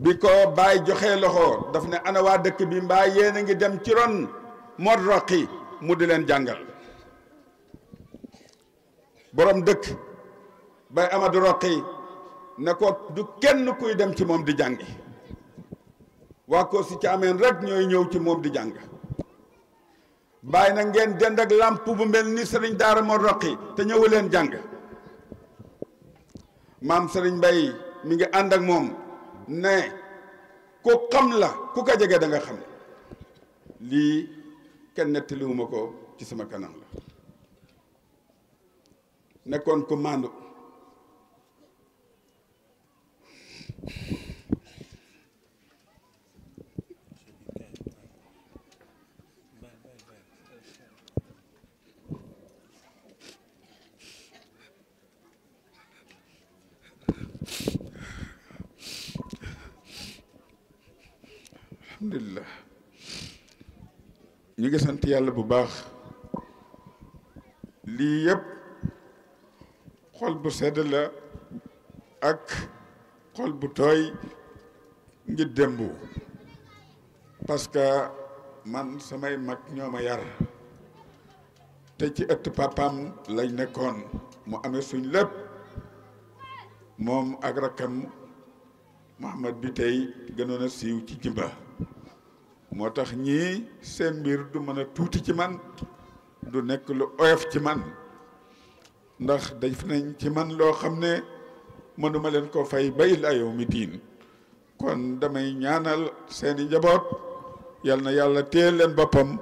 bi ko Baye joxe loxo daf ne ana dëkk bi mbaa yéen ngi dem ci ron Mod Roqi mu di leen jàngal boroom dëkk Baye Amadou Roqi ne ko du kenn kuy dem ci moom di jàngi. waa Kossy Thiamène rek ñooy ñëw ci moom di jàng bàyyi na ngeen dend ak làmp bu mel ni sëriñ daara moo roqi te ñëwu leen jàng maam sëriñ Mbay mi ngi ànd ak moom ne ku xam la ku ko jege da xam lii kenn nettaliwuma ko ci sama kanam la nekkoon ku màndu alhamdulilah ñu ngi sant yàlla bu baax lii yëpp xol bu sedd la ak xol bu tooy ngi démbu parce que man samay mag ñoo ma yar te ci ëtt papaam lañ nekkoon mu amee suñ lépp moom ak rakkam Mouhamad bi tey gënoon siiw ci jimba moo tax ñii seen mbir du mën a tuuti ci man du nekk lu oyof ci man ndax def nañ ci man loo xam ne mënuma leen ko fay bay la yow mi diin kon damay ñaanal seeni njaboot yal na yàlla téye leen boppam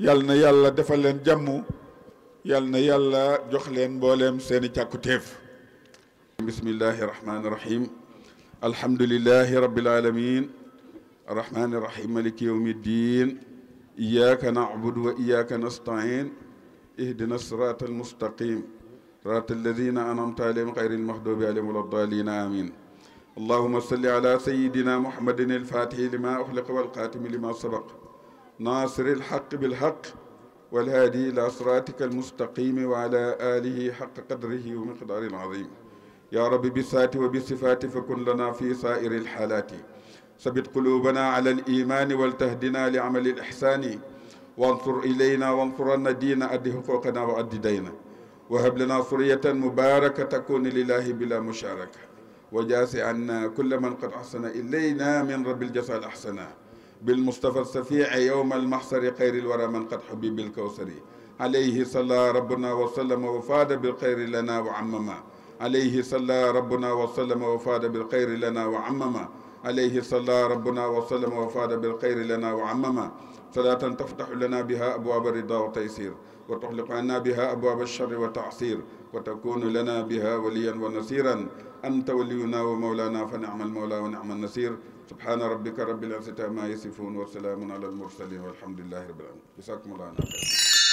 yal na yàlla defal leen jàmm yal na yàlla jox leen mbooleem seeni càkkutéef bismillahi rahmaani rahim alhamdulillahi rabbil alamin الرحمن الرحيم ملك يوم الدين إياك نعبد وإياك نستعين اهدنا الصراط المستقيم صراط الذين أنعمت عليهم غير المغضوب عليهم ولا الضالين آمين اللهم صل على سيدنا محمد الفاتح لما أخلق والقاتم لما سبق ناصر الحق بالحق والهادي إلى صراطك المستقيم وعلى آله حق قدره ومقدار عظيم يا رب بسات وبالصفات فكن لنا في سائر الحالات ثبت قلوبنا على الإيمان والتهدنا لعمل الإحسان وانصر إلينا وانصرنا دين أدي حقوقنا وأدي دينا وهب لنا صرية مباركة تكون لله بلا مشاركة وجاس عنا كل من قد أحسن إلينا من رب الجزاء الأحسن بالمصطفى السفيع يوم المحصر خير الورى من قد حبيب الكوثر عليه صلى ربنا وسلم وفاد بالخير لنا وعمما عليه صلى ربنا وسلم وفاد بالخير لنا وعمما عليه صلى ربنا وسلم وفاد بالخير لنا وعمما صلاة تفتح لنا بها أبواب الرضا والتيسير وتحلق عنا بها أبواب الشر والتعسير وتكون لنا بها وليا ونصيرا أنت ولينا ومولانا فنعم المولى ونعم النصير سبحان ربك رب العزة ما يصفون وسلام على المرسلين والحمد لله رب العالمين جزاكم الله خيرا